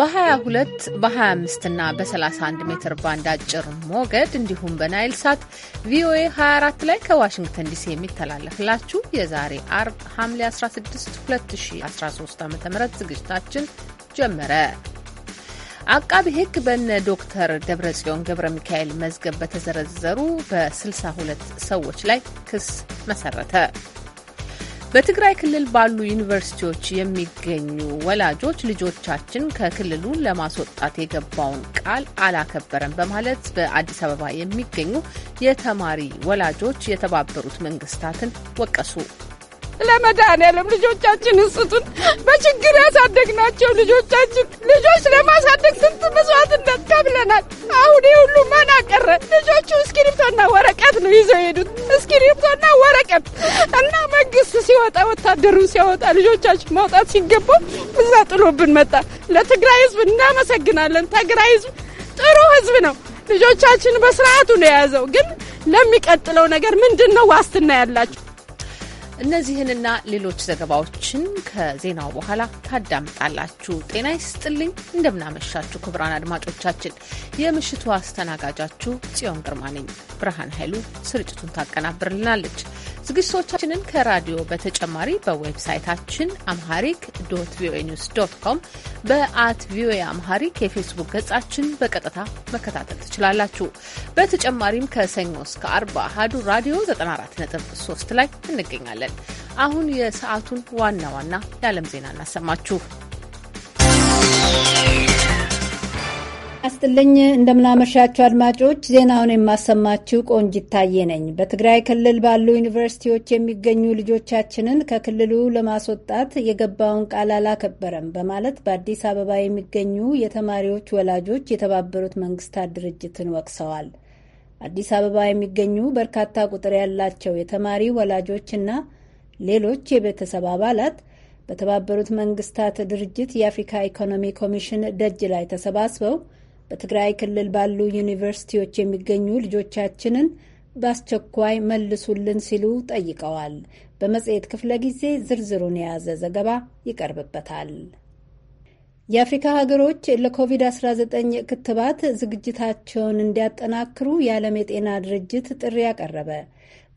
በ22 በ25 እና በ31 ሜትር ባንድ አጭር ሞገድ እንዲሁም በናይል ሳት ቪኦኤ 24 ላይ ከዋሽንግተን ዲሲ የሚተላለፍላችሁ የዛሬ አርብ ሐምሌ 16 2013 ዓ ም ዝግጅታችን ጀመረ። አቃቢ ሕግ በነ ዶክተር ደብረጽዮን ገብረ ሚካኤል መዝገብ በተዘረዘሩ በ62 ሰዎች ላይ ክስ መሰረተ። በትግራይ ክልል ባሉ ዩኒቨርሲቲዎች የሚገኙ ወላጆች ልጆቻችን ከክልሉ ለማስወጣት የገባውን ቃል አላከበረም በማለት በአዲስ አበባ የሚገኙ የተማሪ ወላጆች የተባበሩት መንግስታትን ወቀሱ። ለመድኃኒዓለም ልጆቻችን ስጡን። በችግር ያሳደግናቸው ልጆቻችን ልጆች ለማሳደግ ስንት መስዋዕትነት ከብለናል። አሁን ሁሉ መና ቀረ። ልጆቹ እስክሪፕቶና ወረቀት ነው ይዘው ሄዱት። እስክሪፕቶና ወረቀት እና መንግስት ሲወጣ ወታደሩ ሲያወጣ ልጆቻችን ማውጣት ሲገባው እዛ ጥሎብን መጣ። ለትግራይ ህዝብ እናመሰግናለን። ትግራይ ህዝብ ጥሩ ህዝብ ነው። ልጆቻችን በስርዓቱ ነው የያዘው። ግን ለሚቀጥለው ነገር ምንድን ነው ዋስትና ያላቸው? እነዚህንና ሌሎች ዘገባዎችን ከዜናው በኋላ ታዳምጣላችሁ። ጤና ይስጥልኝ፣ እንደምናመሻችሁ ክቡራን አድማጮቻችን። የምሽቱ አስተናጋጃችሁ ጽዮን ግርማ ነኝ። ብርሃን ኃይሉ ስርጭቱን ታቀናብርልናለች። ዝግጅቶቻችንን ከራዲዮ በተጨማሪ በዌብሳይታችን አምሃሪክ ዶት ቪኦኤ ኒውስ ዶት ኮም በአት ቪኦኤ አምሃሪክ የፌስቡክ ገጻችን በቀጥታ መከታተል ትችላላችሁ። በተጨማሪም ከሰኞ እስከ አርባ አሀዱ ራዲዮ 94.3 ላይ እንገኛለን። አሁን የሰዓቱን ዋና ዋና የዓለም ዜና እናሰማችሁ። ይስጥልኝ እንደምናመሻችሁ አድማጮች፣ ዜናውን የማሰማችው ቆንጅ ይታየ ነኝ። በትግራይ ክልል ባሉ ዩኒቨርሲቲዎች የሚገኙ ልጆቻችንን ከክልሉ ለማስወጣት የገባውን ቃል አላከበረም በማለት በአዲስ አበባ የሚገኙ የተማሪዎች ወላጆች የተባበሩት መንግስታት ድርጅትን ወቅሰዋል። አዲስ አበባ የሚገኙ በርካታ ቁጥር ያላቸው የተማሪ ወላጆችና ሌሎች የቤተሰብ አባላት በተባበሩት መንግስታት ድርጅት የአፍሪካ ኢኮኖሚ ኮሚሽን ደጅ ላይ ተሰባስበው በትግራይ ክልል ባሉ ዩኒቨርሲቲዎች የሚገኙ ልጆቻችንን በአስቸኳይ መልሱልን ሲሉ ጠይቀዋል። በመጽሔት ክፍለ ጊዜ ዝርዝሩን የያዘ ዘገባ ይቀርብበታል። የአፍሪካ ሀገሮች ለኮቪድ-19 ክትባት ዝግጅታቸውን እንዲያጠናክሩ የዓለም የጤና ድርጅት ጥሪ ያቀረበ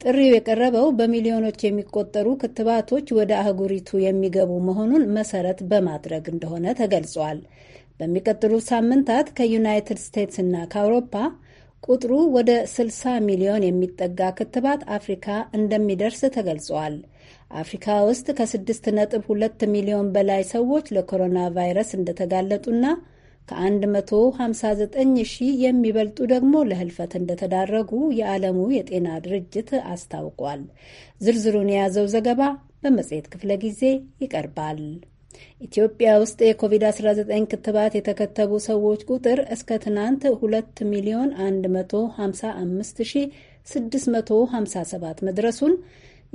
ጥሪው የቀረበው በሚሊዮኖች የሚቆጠሩ ክትባቶች ወደ አህጉሪቱ የሚገቡ መሆኑን መሰረት በማድረግ እንደሆነ ተገልጿል። በሚቀጥሉት ሳምንታት ከዩናይትድ ስቴትስ እና ከአውሮፓ ቁጥሩ ወደ 60 ሚሊዮን የሚጠጋ ክትባት አፍሪካ እንደሚደርስ ተገልጿል። አፍሪካ ውስጥ ከ6.2 ሚሊዮን በላይ ሰዎች ለኮሮና ቫይረስ እንደተጋለጡና ከ159 ሺህ የሚበልጡ ደግሞ ለህልፈት እንደተዳረጉ የዓለሙ የጤና ድርጅት አስታውቋል። ዝርዝሩን የያዘው ዘገባ በመጽሔት ክፍለ ጊዜ ይቀርባል። ኢትዮጵያ ውስጥ የኮቪድ-19 ክትባት የተከተቡ ሰዎች ቁጥር እስከ ትናንት 2 ሚሊዮን 155,657 መድረሱን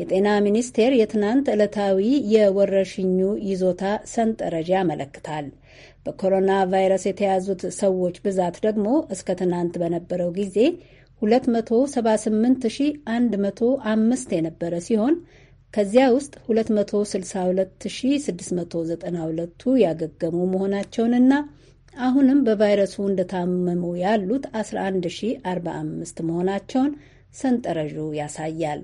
የጤና ሚኒስቴር የትናንት ዕለታዊ የወረርሽኙ ይዞታ ሰንጠረዥ ያመለክታል። በኮሮና ቫይረስ የተያዙት ሰዎች ብዛት ደግሞ እስከ ትናንት በነበረው ጊዜ 278,105 የነበረ ሲሆን ከዚያ ውስጥ 262692ቱ ያገገሙ መሆናቸውንና አሁንም በቫይረሱ እንደታመሙ ያሉት 11045 መሆናቸውን ሰንጠረዡ ያሳያል።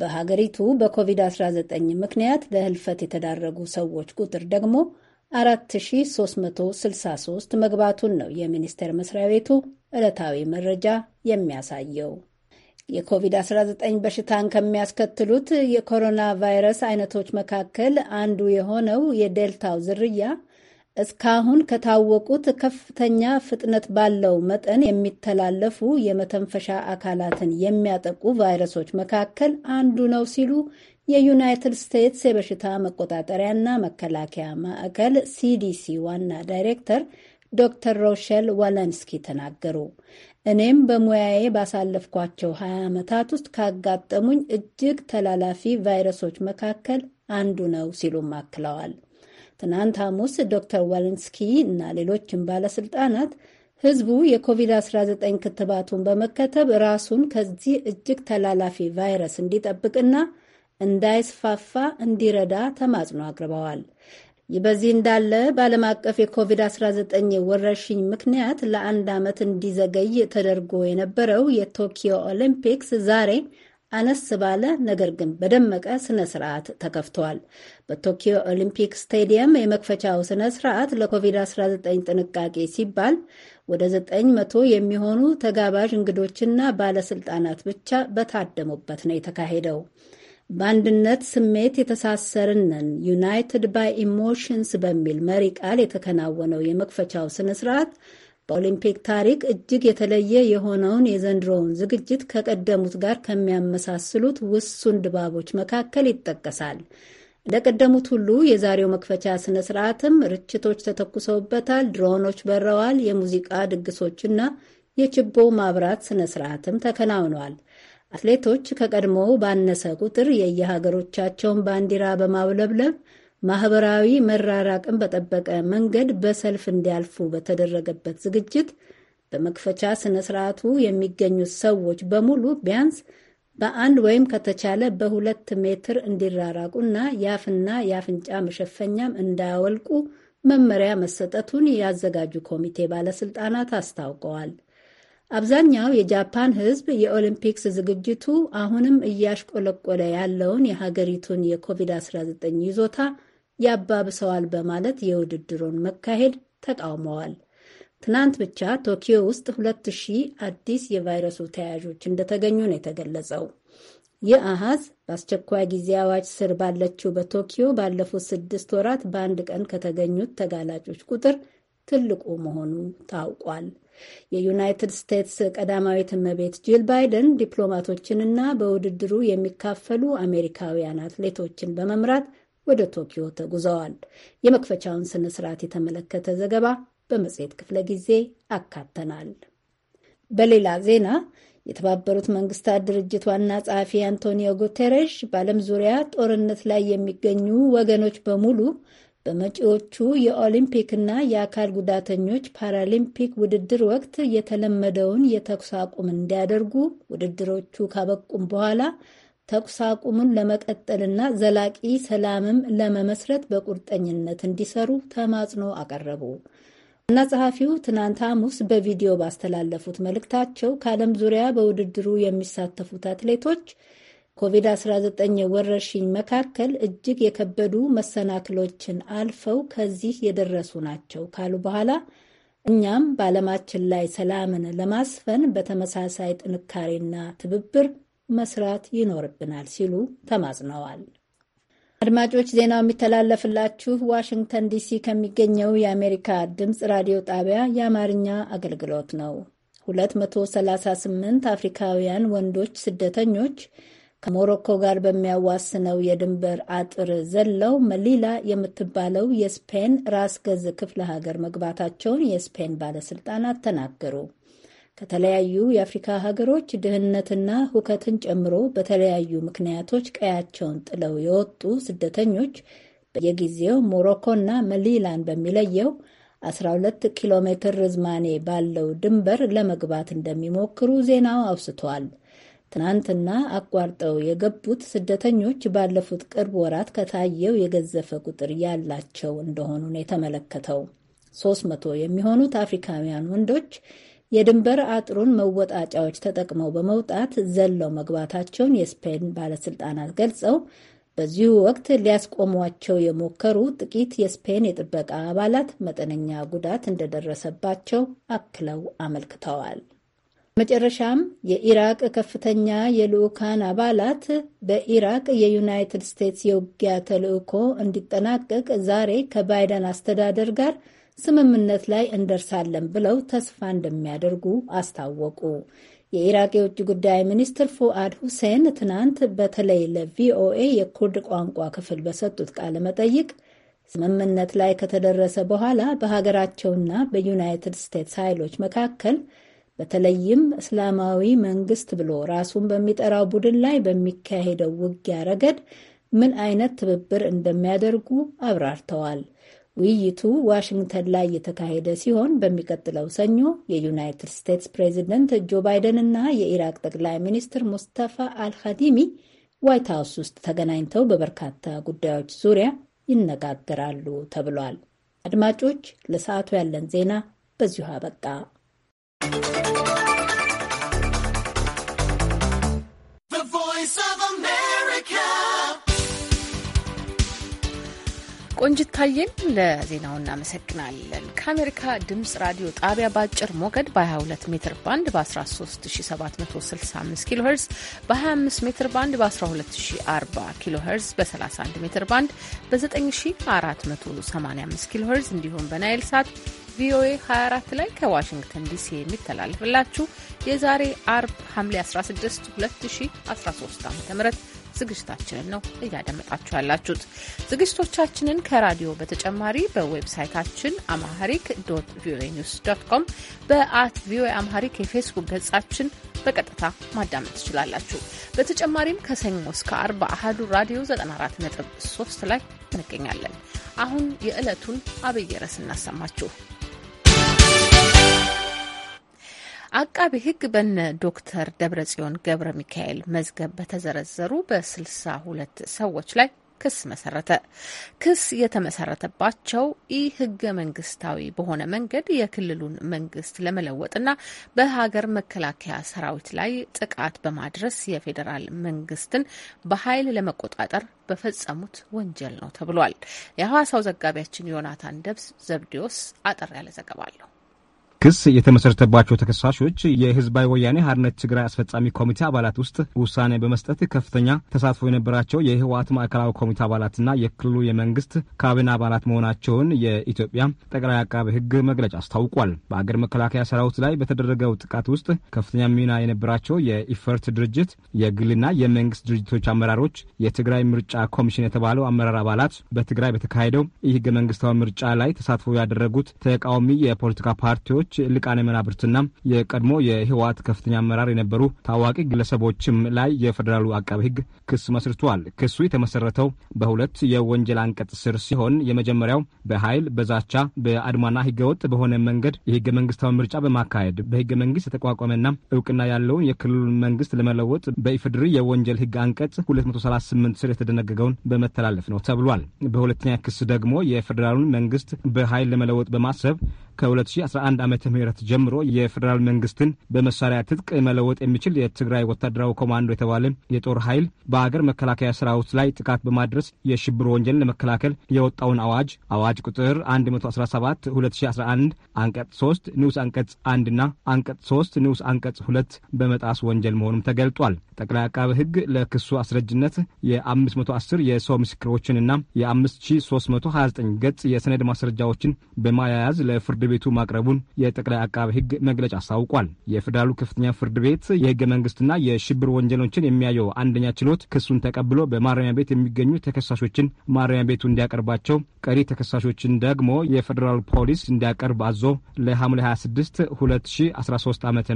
በሀገሪቱ በኮቪድ-19 ምክንያት ለህልፈት የተዳረጉ ሰዎች ቁጥር ደግሞ 4363 መግባቱን ነው የሚኒስቴር መስሪያ ቤቱ ዕለታዊ መረጃ የሚያሳየው። የኮቪድ-19 በሽታን ከሚያስከትሉት የኮሮና ቫይረስ አይነቶች መካከል አንዱ የሆነው የዴልታው ዝርያ እስካሁን ከታወቁት ከፍተኛ ፍጥነት ባለው መጠን የሚተላለፉ የመተንፈሻ አካላትን የሚያጠቁ ቫይረሶች መካከል አንዱ ነው ሲሉ የዩናይትድ ስቴትስ የበሽታ መቆጣጠሪያና መከላከያ ማዕከል ሲዲሲ ዋና ዳይሬክተር ዶክተር ሮሸል ዋለንስኪ ተናገሩ። እኔም በሙያዬ ባሳለፍኳቸው 20 ዓመታት ውስጥ ካጋጠሙኝ እጅግ ተላላፊ ቫይረሶች መካከል አንዱ ነው ሲሉም አክለዋል። ትናንት ሐሙስ ዶክተር ዋለንስኪ እና ሌሎችም ባለስልጣናት ህዝቡ የኮቪድ-19 ክትባቱን በመከተብ ራሱን ከዚህ እጅግ ተላላፊ ቫይረስ እንዲጠብቅና እንዳይስፋፋ እንዲረዳ ተማጽኖ አቅርበዋል። በዚህ እንዳለ በዓለም አቀፍ የኮቪድ-19 ወረርሽኝ ምክንያት ለአንድ ዓመት እንዲዘገይ ተደርጎ የነበረው የቶኪዮ ኦሊምፒክስ ዛሬ አነስ ባለ ነገር ግን በደመቀ ስነ ስርዓት ተከፍተዋል። በቶኪዮ ኦሊምፒክ ስቴዲየም የመክፈቻው ስነ ስርዓት ለኮቪድ-19 ጥንቃቄ ሲባል ወደ መቶ የሚሆኑ ተጋባዥ እንግዶችና ባለስልጣናት ብቻ በታደሙበት ነው የተካሄደው። በአንድነት ስሜት የተሳሰርን ዩናይትድ ባይ ኢሞሽንስ በሚል መሪ ቃል የተከናወነው የመክፈቻው ስነ ስርዓት በኦሊምፒክ ታሪክ እጅግ የተለየ የሆነውን የዘንድሮውን ዝግጅት ከቀደሙት ጋር ከሚያመሳስሉት ውሱን ድባቦች መካከል ይጠቀሳል። እንደ ቀደሙት ሁሉ የዛሬው መክፈቻ ስነ ስርዓትም ርችቶች ተተኩሰውበታል፣ ድሮኖች በረዋል፣ የሙዚቃ ድግሶችና የችቦ ማብራት ስነ ስርዓትም ተከናውነዋል። አትሌቶች ከቀድሞው ባነሰ ቁጥር የየሀገሮቻቸውን ባንዲራ በማውለብለብ ማህበራዊ መራራቅን በጠበቀ መንገድ በሰልፍ እንዲያልፉ በተደረገበት ዝግጅት በመክፈቻ ስነ ስርዓቱ የሚገኙት ሰዎች በሙሉ ቢያንስ በአንድ ወይም ከተቻለ በሁለት ሜትር እንዲራራቁና የአፍና የአፍንጫ መሸፈኛም እንዳያወልቁ መመሪያ መሰጠቱን ያዘጋጁ ኮሚቴ ባለስልጣናት አስታውቀዋል። አብዛኛው የጃፓን ሕዝብ የኦሊምፒክስ ዝግጅቱ አሁንም እያሽቆለቆለ ያለውን የሀገሪቱን የኮቪድ-19 ይዞታ ያባብሰዋል በማለት የውድድሩን መካሄድ ተቃውመዋል። ትናንት ብቻ ቶኪዮ ውስጥ ሁለት ሺህ አዲስ የቫይረሱ ተያዦች እንደተገኙ ነው የተገለጸው። ይህ አሃዝ በአስቸኳይ ጊዜ አዋጅ ስር ባለችው በቶኪዮ ባለፉት ስድስት ወራት በአንድ ቀን ከተገኙት ተጋላጮች ቁጥር ትልቁ መሆኑ ታውቋል። የዩናይትድ ስቴትስ ቀዳማዊት እመቤት ጂል ባይደን ዲፕሎማቶችንና በውድድሩ የሚካፈሉ አሜሪካውያን አትሌቶችን በመምራት ወደ ቶኪዮ ተጉዘዋል። የመክፈቻውን ስነ ስርዓት የተመለከተ ዘገባ በመጽሔት ክፍለ ጊዜ አካተናል። በሌላ ዜና የተባበሩት መንግስታት ድርጅት ዋና ጸሐፊ አንቶኒዮ ጉቴሬሽ በዓለም ዙሪያ ጦርነት ላይ የሚገኙ ወገኖች በሙሉ በመጪዎቹ የኦሊምፒክና የአካል ጉዳተኞች ፓራሊምፒክ ውድድር ወቅት የተለመደውን የተኩስ አቁም እንዲያደርጉ ውድድሮቹ ካበቁም በኋላ ተኩስ አቁሙን ለመቀጠልና ዘላቂ ሰላምም ለመመስረት በቁርጠኝነት እንዲሰሩ ተማጽኖ አቀረቡ። እና ጸሐፊው ትናንት ሐሙስ በቪዲዮ ባስተላለፉት መልእክታቸው ከዓለም ዙሪያ በውድድሩ የሚሳተፉት አትሌቶች ኮቪድ-19 ወረርሽኝ መካከል እጅግ የከበዱ መሰናክሎችን አልፈው ከዚህ የደረሱ ናቸው ካሉ በኋላ እኛም በዓለማችን ላይ ሰላምን ለማስፈን በተመሳሳይ ጥንካሬና ትብብር መስራት ይኖርብናል ሲሉ ተማጽነዋል። አድማጮች ዜናው የሚተላለፍላችሁ ዋሽንግተን ዲሲ ከሚገኘው የአሜሪካ ድምፅ ራዲዮ ጣቢያ የአማርኛ አገልግሎት ነው። 238 አፍሪካውያን ወንዶች ስደተኞች ከሞሮኮ ጋር በሚያዋስነው የድንበር አጥር ዘለው መሊላ የምትባለው የስፔን ራስ ገዝ ክፍለ ሀገር መግባታቸውን የስፔን ባለስልጣናት ተናገሩ። ከተለያዩ የአፍሪካ ሀገሮች ድህነትና ሁከትን ጨምሮ በተለያዩ ምክንያቶች ቀያቸውን ጥለው የወጡ ስደተኞች በየጊዜው ሞሮኮና መሊላን በሚለየው 12 ኪሎ ሜትር ርዝማኔ ባለው ድንበር ለመግባት እንደሚሞክሩ ዜናው አውስቷል። ትናንትና አቋርጠው የገቡት ስደተኞች ባለፉት ቅርብ ወራት ከታየው የገዘፈ ቁጥር ያላቸው እንደሆኑ ነው የተመለከተው። ሶስት መቶ የሚሆኑት አፍሪካውያን ወንዶች የድንበር አጥሩን መወጣጫዎች ተጠቅመው በመውጣት ዘለው መግባታቸውን የስፔን ባለስልጣናት ገልጸው በዚሁ ወቅት ሊያስቆሟቸው የሞከሩ ጥቂት የስፔን የጥበቃ አባላት መጠነኛ ጉዳት እንደደረሰባቸው አክለው አመልክተዋል። መጨረሻም የኢራቅ ከፍተኛ የልዑካን አባላት በኢራቅ የዩናይትድ ስቴትስ የውጊያ ተልዕኮ እንዲጠናቀቅ ዛሬ ከባይደን አስተዳደር ጋር ስምምነት ላይ እንደርሳለን ብለው ተስፋ እንደሚያደርጉ አስታወቁ። የኢራቅ የውጭ ጉዳይ ሚኒስትር ፉአድ ሁሴን ትናንት በተለይ ለቪኦኤ የኩርድ ቋንቋ ክፍል በሰጡት ቃለ መጠይቅ ስምምነት ላይ ከተደረሰ በኋላ በሀገራቸውና በዩናይትድ ስቴትስ ኃይሎች መካከል በተለይም እስላማዊ መንግስት ብሎ ራሱን በሚጠራው ቡድን ላይ በሚካሄደው ውጊያ ረገድ ምን አይነት ትብብር እንደሚያደርጉ አብራርተዋል። ውይይቱ ዋሽንግተን ላይ የተካሄደ ሲሆን በሚቀጥለው ሰኞ የዩናይትድ ስቴትስ ፕሬዚደንት ጆ ባይደን እና የኢራቅ ጠቅላይ ሚኒስትር ሙስተፋ አልካዲሚ ዋይት ሀውስ ውስጥ ተገናኝተው በበርካታ ጉዳዮች ዙሪያ ይነጋገራሉ ተብሏል። አድማጮች፣ ለሰዓቱ ያለን ዜና በዚሁ አበቃ። ቆንጅታየን ለዜናው እናመሰግናለን። ከአሜሪካ ድምጽ ራዲዮ ጣቢያ በአጭር ሞገድ በ22 ሜትር ባንድ በ13765 ኪሎ ሄርዝ በ25 ሜትር ባንድ በ1240 ኪሎ ሄርዝ በ31 ሜትር ባንድ በ9485 ኪሎ ሄርዝ እንዲሁም በናይል ሳት ቪኦኤ 24 ላይ ከዋሽንግተን ዲሲ የሚተላለፍላችሁ የዛሬ አርብ ሐምሌ 16 2013 ዓ ም ዝግጅታችንን ነው እያደመጣችሁ ያላችሁት። ዝግጅቶቻችንን ከራዲዮ በተጨማሪ በዌብሳይታችን አማሐሪክ ዶት ቪኦኤ ኒውስ ዶት ኮም፣ በአት ቪኦኤ አማሐሪክ የፌስቡክ ገጻችን በቀጥታ ማዳመጥ ትችላላችሁ። በተጨማሪም ከሰኞ እስከ አርብ አህዱ ራዲዮ 94.3 ላይ እንገኛለን። አሁን የዕለቱን አብይ ርዕስ እናሰማችሁ። አቃቢ ሕግ በነ ዶክተር ደብረጽዮን ገብረ ሚካኤል መዝገብ በተዘረዘሩ በስልሳ ሁለት ሰዎች ላይ ክስ መሰረተ። ክስ የተመሰረተባቸው ኢ ህገ መንግስታዊ በሆነ መንገድ የክልሉን መንግስት ለመለወጥና በሀገር መከላከያ ሰራዊት ላይ ጥቃት በማድረስ የፌዴራል መንግስትን በኃይል ለመቆጣጠር በፈጸሙት ወንጀል ነው ተብሏል። የሐዋሳው ዘጋቢያችን ዮናታን ደብስ ዘብዲዮስ አጠር ያለ ዘገባ አለው። ክስ የተመሰረተባቸው ተከሳሾች የህዝባዊ ወያኔ ሀርነት ትግራይ አስፈጻሚ ኮሚቴ አባላት ውስጥ ውሳኔ በመስጠት ከፍተኛ ተሳትፎ የነበራቸው የህወሀት ማዕከላዊ ኮሚቴ አባላትና የክልሉ የመንግስት ካቢኔ አባላት መሆናቸውን የኢትዮጵያ ጠቅላይ አቃቢ ህግ መግለጫ አስታውቋል። በአገር መከላከያ ሰራዊት ላይ በተደረገው ጥቃት ውስጥ ከፍተኛ ሚና የነበራቸው የኢፈርት ድርጅት የግልና የመንግስት ድርጅቶች አመራሮች፣ የትግራይ ምርጫ ኮሚሽን የተባለው አመራር አባላት በትግራይ በተካሄደው የህገ መንግስታዊ ምርጫ ላይ ተሳትፎ ያደረጉት ተቃዋሚ የፖለቲካ ፓርቲዎች ሌሎች ልቃነ መናብርትና የቀድሞ የህወሓት ከፍተኛ አመራር የነበሩ ታዋቂ ግለሰቦችም ላይ የፌዴራሉ አቃቤ ሕግ ክስ መስርቷል። ክሱ የተመሰረተው በሁለት የወንጀል አንቀጽ ስር ሲሆን የመጀመሪያው በኃይል በዛቻ በአድማና ህገወጥ በሆነ መንገድ የህገ መንግስታዊ ምርጫ በማካሄድ በህገ መንግስት የተቋቋመና እውቅና ያለውን የክልሉን መንግስት ለመለወጥ በኢፍድሪ የወንጀል ህግ አንቀጽ 238 ስር የተደነገገውን በመተላለፍ ነው ተብሏል። በሁለተኛ ክስ ደግሞ የፌዴራሉን መንግስት በኃይል ለመለወጥ በማሰብ ከ2011 ዓ ም ጀምሮ የፌዴራል መንግስትን በመሳሪያ ትጥቅ መለወጥ የሚችል የትግራይ ወታደራዊ ኮማንዶ የተባለ የጦር ኃይል በሀገር መከላከያ ሰራዊት ላይ ጥቃት በማድረስ የሽብር ወንጀልን ለመከላከል የወጣውን አዋጅ አዋጅ ቁጥር 117 2011 አንቀጽ 3 ንዑስ አንቀጽ 1 ና አንቀጽ 3 ንዑስ አንቀጽ 2 በመጣስ ወንጀል መሆኑም ተገልጧል። ጠቅላይ አቃቢ ሕግ ለክሱ አስረጅነት የ510 የሰው ምስክሮችንና የ5329 ገጽ የሰነድ ማስረጃዎችን በማያያዝ ለፍርድ ቤቱ ማቅረቡን የጠቅላይ አቃቤ ሕግ መግለጫ አስታውቋል። የፌዴራሉ ከፍተኛ ፍርድ ቤት የህገ መንግስትና የሽብር ወንጀሎችን የሚያየው አንደኛ ችሎት ክሱን ተቀብሎ በማረሚያ ቤት የሚገኙ ተከሳሾችን ማረሚያ ቤቱ እንዲያቀርባቸው፣ ቀሪ ተከሳሾችን ደግሞ የፌዴራል ፖሊስ እንዲያቀርብ አዞ ለሐምሌ 26 2013 ዓ ም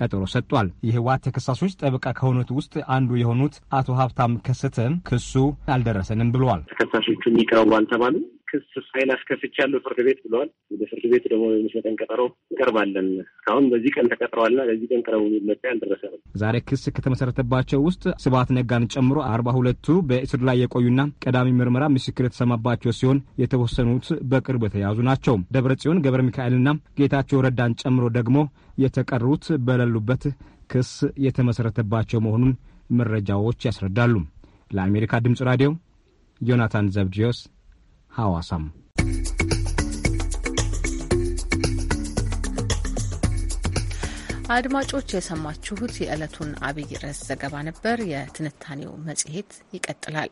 ቀጠሮ ሰጥቷል። የህወሓት ተከሳሾች ጠበቃ ከሆኑት ውስጥ አንዱ የሆኑት አቶ ሀብታም ከሰተ ክሱ አልደረሰንም ብለዋል። ተከሳሾቹ ይቅረቡ አልተባሉ ክስ ፋይል አስከፍቻለሁ ፍርድ ቤት ብለዋል። ወደ ፍርድ ቤት ደግሞ በሚሰጠን ቀጠሮ እንቀርባለን። እስካሁን በዚህ ቀን ተቀጥረዋልና በዚህ ቀን ቀረቡ መጣ ያልደረሰ ነው። ዛሬ ክስ ከተመሰረተባቸው ውስጥ ስብሐት ነጋን ጨምሮ አርባ ሁለቱ በእስር ላይ የቆዩና ቀዳሚ ምርመራ ምስክር የተሰማባቸው ሲሆን የተወሰኑት በቅርብ የተያዙ ናቸው። ደብረ ጽዮን ገብረ ሚካኤልና ጌታቸው ረዳን ጨምሮ ደግሞ የተቀሩት በሌሉበት ክስ የተመሰረተባቸው መሆኑን መረጃዎች ያስረዳሉ። ለአሜሪካ ድምፅ ራዲዮ ዮናታን ዘብድዮስ ሐዋሳም አድማጮች የሰማችሁት የዕለቱን አብይ ርዕስ ዘገባ ነበር። የትንታኔው መጽሔት ይቀጥላል።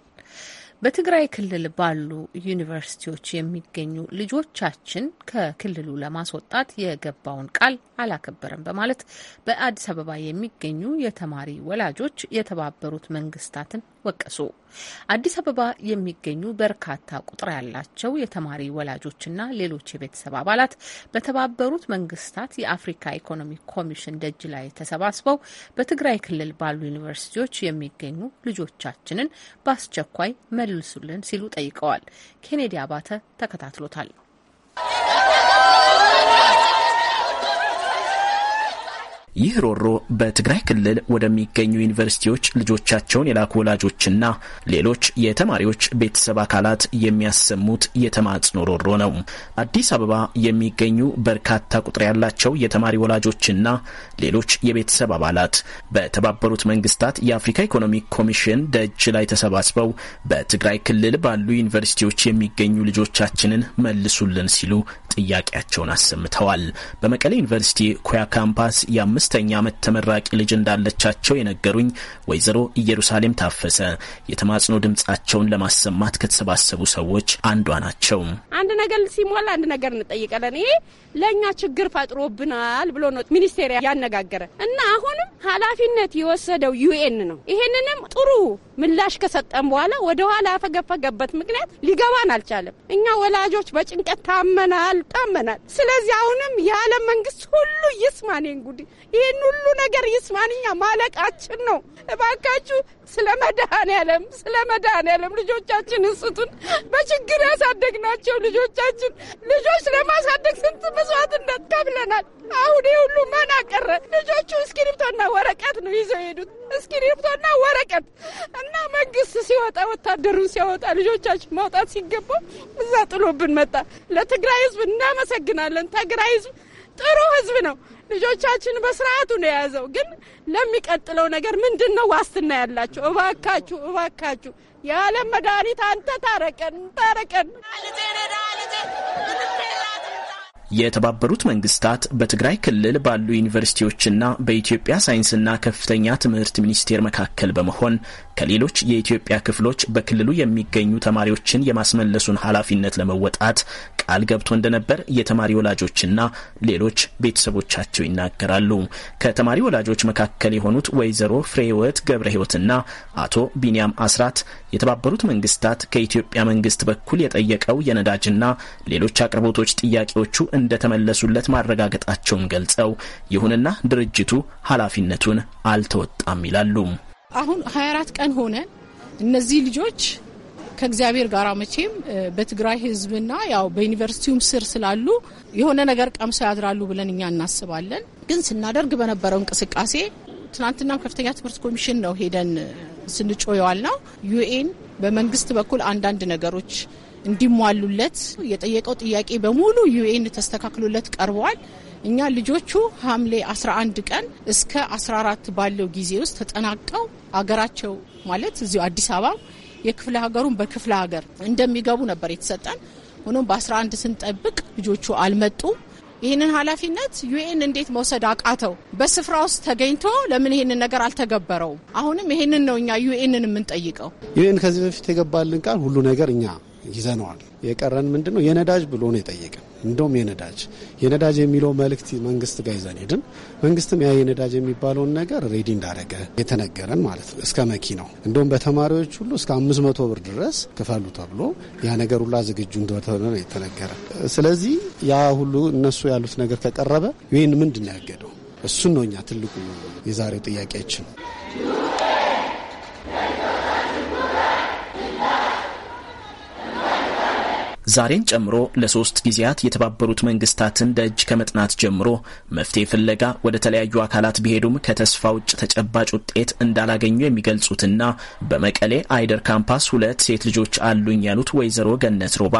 በትግራይ ክልል ባሉ ዩኒቨርሲቲዎች የሚገኙ ልጆቻችን ከክልሉ ለማስወጣት የገባውን ቃል አላከበረም በማለት በአዲስ አበባ የሚገኙ የተማሪ ወላጆች የተባበሩት መንግስታትን ወቀሱ። አዲስ አበባ የሚገኙ በርካታ ቁጥር ያላቸው የተማሪ ወላጆችና ሌሎች የቤተሰብ አባላት በተባበሩት መንግስታት የአፍሪካ ኢኮኖሚ ኮሚሽን ደጅ ላይ ተሰባስበው በትግራይ ክልል ባሉ ዩኒቨርሲቲዎች የሚገኙ ልጆቻችንን በአስቸኳይ መልሱልን ሲሉ ጠይቀዋል። ኬኔዲ አባተ ተከታትሎታል። ይህ ሮሮ በትግራይ ክልል ወደሚገኙ ዩኒቨርሲቲዎች ልጆቻቸውን የላኩ ወላጆችና ሌሎች የተማሪዎች ቤተሰብ አካላት የሚያሰሙት የተማጽኖ ሮሮ ነው። አዲስ አበባ የሚገኙ በርካታ ቁጥር ያላቸው የተማሪ ወላጆችና ሌሎች የቤተሰብ አባላት በተባበሩት መንግስታት የአፍሪካ ኢኮኖሚክ ኮሚሽን ደጅ ላይ ተሰባስበው በትግራይ ክልል ባሉ ዩኒቨርሲቲዎች የሚገኙ ልጆቻችንን መልሱልን ሲሉ ጥያቄያቸውን አሰምተዋል። በመቀሌ ዩኒቨርሲቲ ኮያ ካምፓስ የአምስት የአምስተኛ ዓመት ተመራቂ ልጅ እንዳለቻቸው የነገሩኝ ወይዘሮ ኢየሩሳሌም ታፈሰ የተማጽኖ ድምጻቸውን ለማሰማት ከተሰባሰቡ ሰዎች አንዷ ናቸው። አንድ ነገር ሲሟላ አንድ ነገር እንጠይቃለን። ይሄ ለእኛ ችግር ፈጥሮብናል ብሎ ነው ሚኒስቴር ያነጋገረ እና አሁንም ኃላፊነት የወሰደው ዩኤን ነው። ይሄንንም ጥሩ ምላሽ ከሰጠን በኋላ ወደኋላ ያፈገፈገበት ምክንያት ሊገባን አልቻለም። እኛ ወላጆች በጭንቀት ታመናል ታመናል። ስለዚህ አሁንም የዓለም መንግስት ሁሉ ይስማኔ ጉድ ይህን ሁሉ ነገር ይስማንኛ ማለቃችን ነው። እባካችሁ ስለ መድኃኔዓለም ስለ መድኃኔዓለም ልጆቻችን እንስቱን በችግር ያሳደግናቸው ልጆቻችን ልጆች ለማሳደግ ስንት መስዋዕትነት ከፍለናል። አሁን ይህ ሁሉ ማን አቀረ? ልጆቹ እስክሪፕቶና ወረቀት ነው ይዘው የሄዱት፣ እስክሪፕቶና ወረቀት እና መንግስት ሲወጣ ወታደሩን ሲያወጣ ልጆቻችን ማውጣት ሲገባው እዛ ጥሎብን መጣ። ለትግራይ ህዝብ እናመሰግናለን። ትግራይ ህዝብ ጥሩ ህዝብ ነው። ልጆቻችን በስርዓቱ ነው የያዘው። ግን ለሚቀጥለው ነገር ምንድን ነው ዋስትና ያላችሁ እባካችሁ እባካችሁ፣ የዓለም መድኃኒት አንተ ታረቀን ታረቀን። የተባበሩት መንግስታት በትግራይ ክልል ባሉ ዩኒቨርሲቲዎችና በኢትዮጵያ ሳይንስና ከፍተኛ ትምህርት ሚኒስቴር መካከል በመሆን ከሌሎች የኢትዮጵያ ክፍሎች በክልሉ የሚገኙ ተማሪዎችን የማስመለሱን ኃላፊነት ለመወጣት ቃል ገብቶ እንደነበር የተማሪ ወላጆችና ሌሎች ቤተሰቦቻቸው ይናገራሉ። ከተማሪ ወላጆች መካከል የሆኑት ወይዘሮ ፍሬህይወት ገብረ ህይወትና አቶ ቢንያም አስራት የተባበሩት መንግስታት ከኢትዮጵያ መንግስት በኩል የጠየቀው የነዳጅና ሌሎች አቅርቦቶች ጥያቄዎቹ እንደተመለሱለት ማረጋገጣቸውን ገልጸው፣ ይሁንና ድርጅቱ ኃላፊነቱን አልተወጣም ይላሉ። አሁን 24 ቀን ሆነ። እነዚህ ልጆች ከእግዚአብሔር ጋር መቼም በትግራይ ህዝብና ያው በዩኒቨርሲቲውም ስር ስላሉ የሆነ ነገር ቀምሰው ያድራሉ ብለን እኛ እናስባለን። ግን ስናደርግ በነበረው እንቅስቃሴ ትናንትናም ከፍተኛ ትምህርት ኮሚሽን ነው ሄደን ስንጮየዋል ነው ዩኤን በመንግስት በኩል አንዳንድ ነገሮች እንዲሟሉለት የጠየቀው ጥያቄ በሙሉ ዩኤን ተስተካክሎለት ቀርበዋል። እኛ ልጆቹ ሐምሌ 11 ቀን እስከ 14 ባለው ጊዜ ውስጥ ተጠናቀው አገራቸው ማለት እዚሁ አዲስ አበባ የክፍለ ሀገሩን በክፍለ ሀገር እንደሚገቡ ነበር የተሰጠን። ሆኖም በ11 ስንጠብቅ ልጆቹ አልመጡም። ይህንን ኃላፊነት ዩኤን እንዴት መውሰድ አቃተው? በስፍራ ውስጥ ተገኝቶ ለምን ይህንን ነገር አልተገበረውም? አሁንም ይህንን ነው እኛ ዩኤንን የምንጠይቀው። ዩኤን ከዚህ በፊት የገባልን ቃል ሁሉ ነገር እኛ ይዘነዋል። የቀረን ምንድን ነው? የነዳጅ ብሎ ነው የጠየቀን። እንደውም የነዳጅ የነዳጅ የሚለው መልእክት መንግስት ጋር ይዘን ሄድን። መንግስትም ያ የነዳጅ የሚባለውን ነገር ሬዲ እንዳደረገ የተነገረን ማለት ነው። እስከ መኪናው እንደውም በተማሪዎች ሁሉ እስከ አምስት መቶ ብር ድረስ ክፈሉ ተብሎ ያ ነገር ሁላ ዝግጁ እንደሆነ የተነገረ። ስለዚህ ያ ሁሉ እነሱ ያሉት ነገር ከቀረበ ይህን ምንድን ያገደው እሱን ነው እኛ ትልቁ የዛሬው ጥያቄያችን። ዛሬን ጨምሮ ለሶስት ጊዜያት የተባበሩት መንግስታትን ደጅ ከመጥናት ጀምሮ መፍትሄ ፍለጋ ወደ ተለያዩ አካላት ቢሄዱም ከተስፋ ውጭ ተጨባጭ ውጤት እንዳላገኙ የሚገልጹትና በመቀሌ አይደር ካምፓስ ሁለት ሴት ልጆች አሉኝ ያሉት ወይዘሮ ገነት ሮባ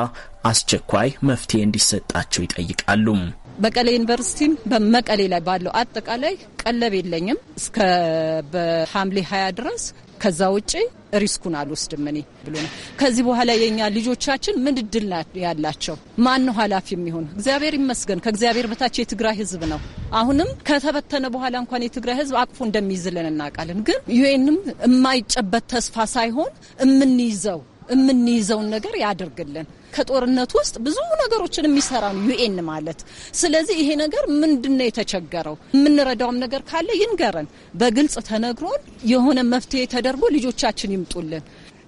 አስቸኳይ መፍትሄ እንዲሰጣቸው ይጠይቃሉ። በቀሌ ዩኒቨርሲቲም በመቀሌ ላይ ባለው አጠቃላይ ቀለብ የለኝም እስከ በሐምሌ ሀያ ድረስ ከዛ ውጪ ሪስኩን አልወስድም እኔ ብሎ ነው። ከዚህ በኋላ የኛ ልጆቻችን ምን እድል ያላቸው ማን ነው ኃላፊ የሚሆን? እግዚአብሔር ይመስገን ከእግዚአብሔር በታች የትግራይ ሕዝብ ነው። አሁንም ከተበተነ በኋላ እንኳን የትግራይ ሕዝብ አቅፎ እንደሚይዝልን እናውቃለን። ግን ዩኤንም የማይጨበት ተስፋ ሳይሆን የምንይዘው የምንይዘውን ነገር ያደርግልን። ከጦርነት ውስጥ ብዙ ነገሮችን የሚሰራ ነው ዩኤን ማለት። ስለዚህ ይሄ ነገር ምንድን ነው የተቸገረው? የምንረዳውም ነገር ካለ ይንገረን፣ በግልጽ ተነግሮን የሆነ መፍትሄ ተደርጎ ልጆቻችን ይምጡልን።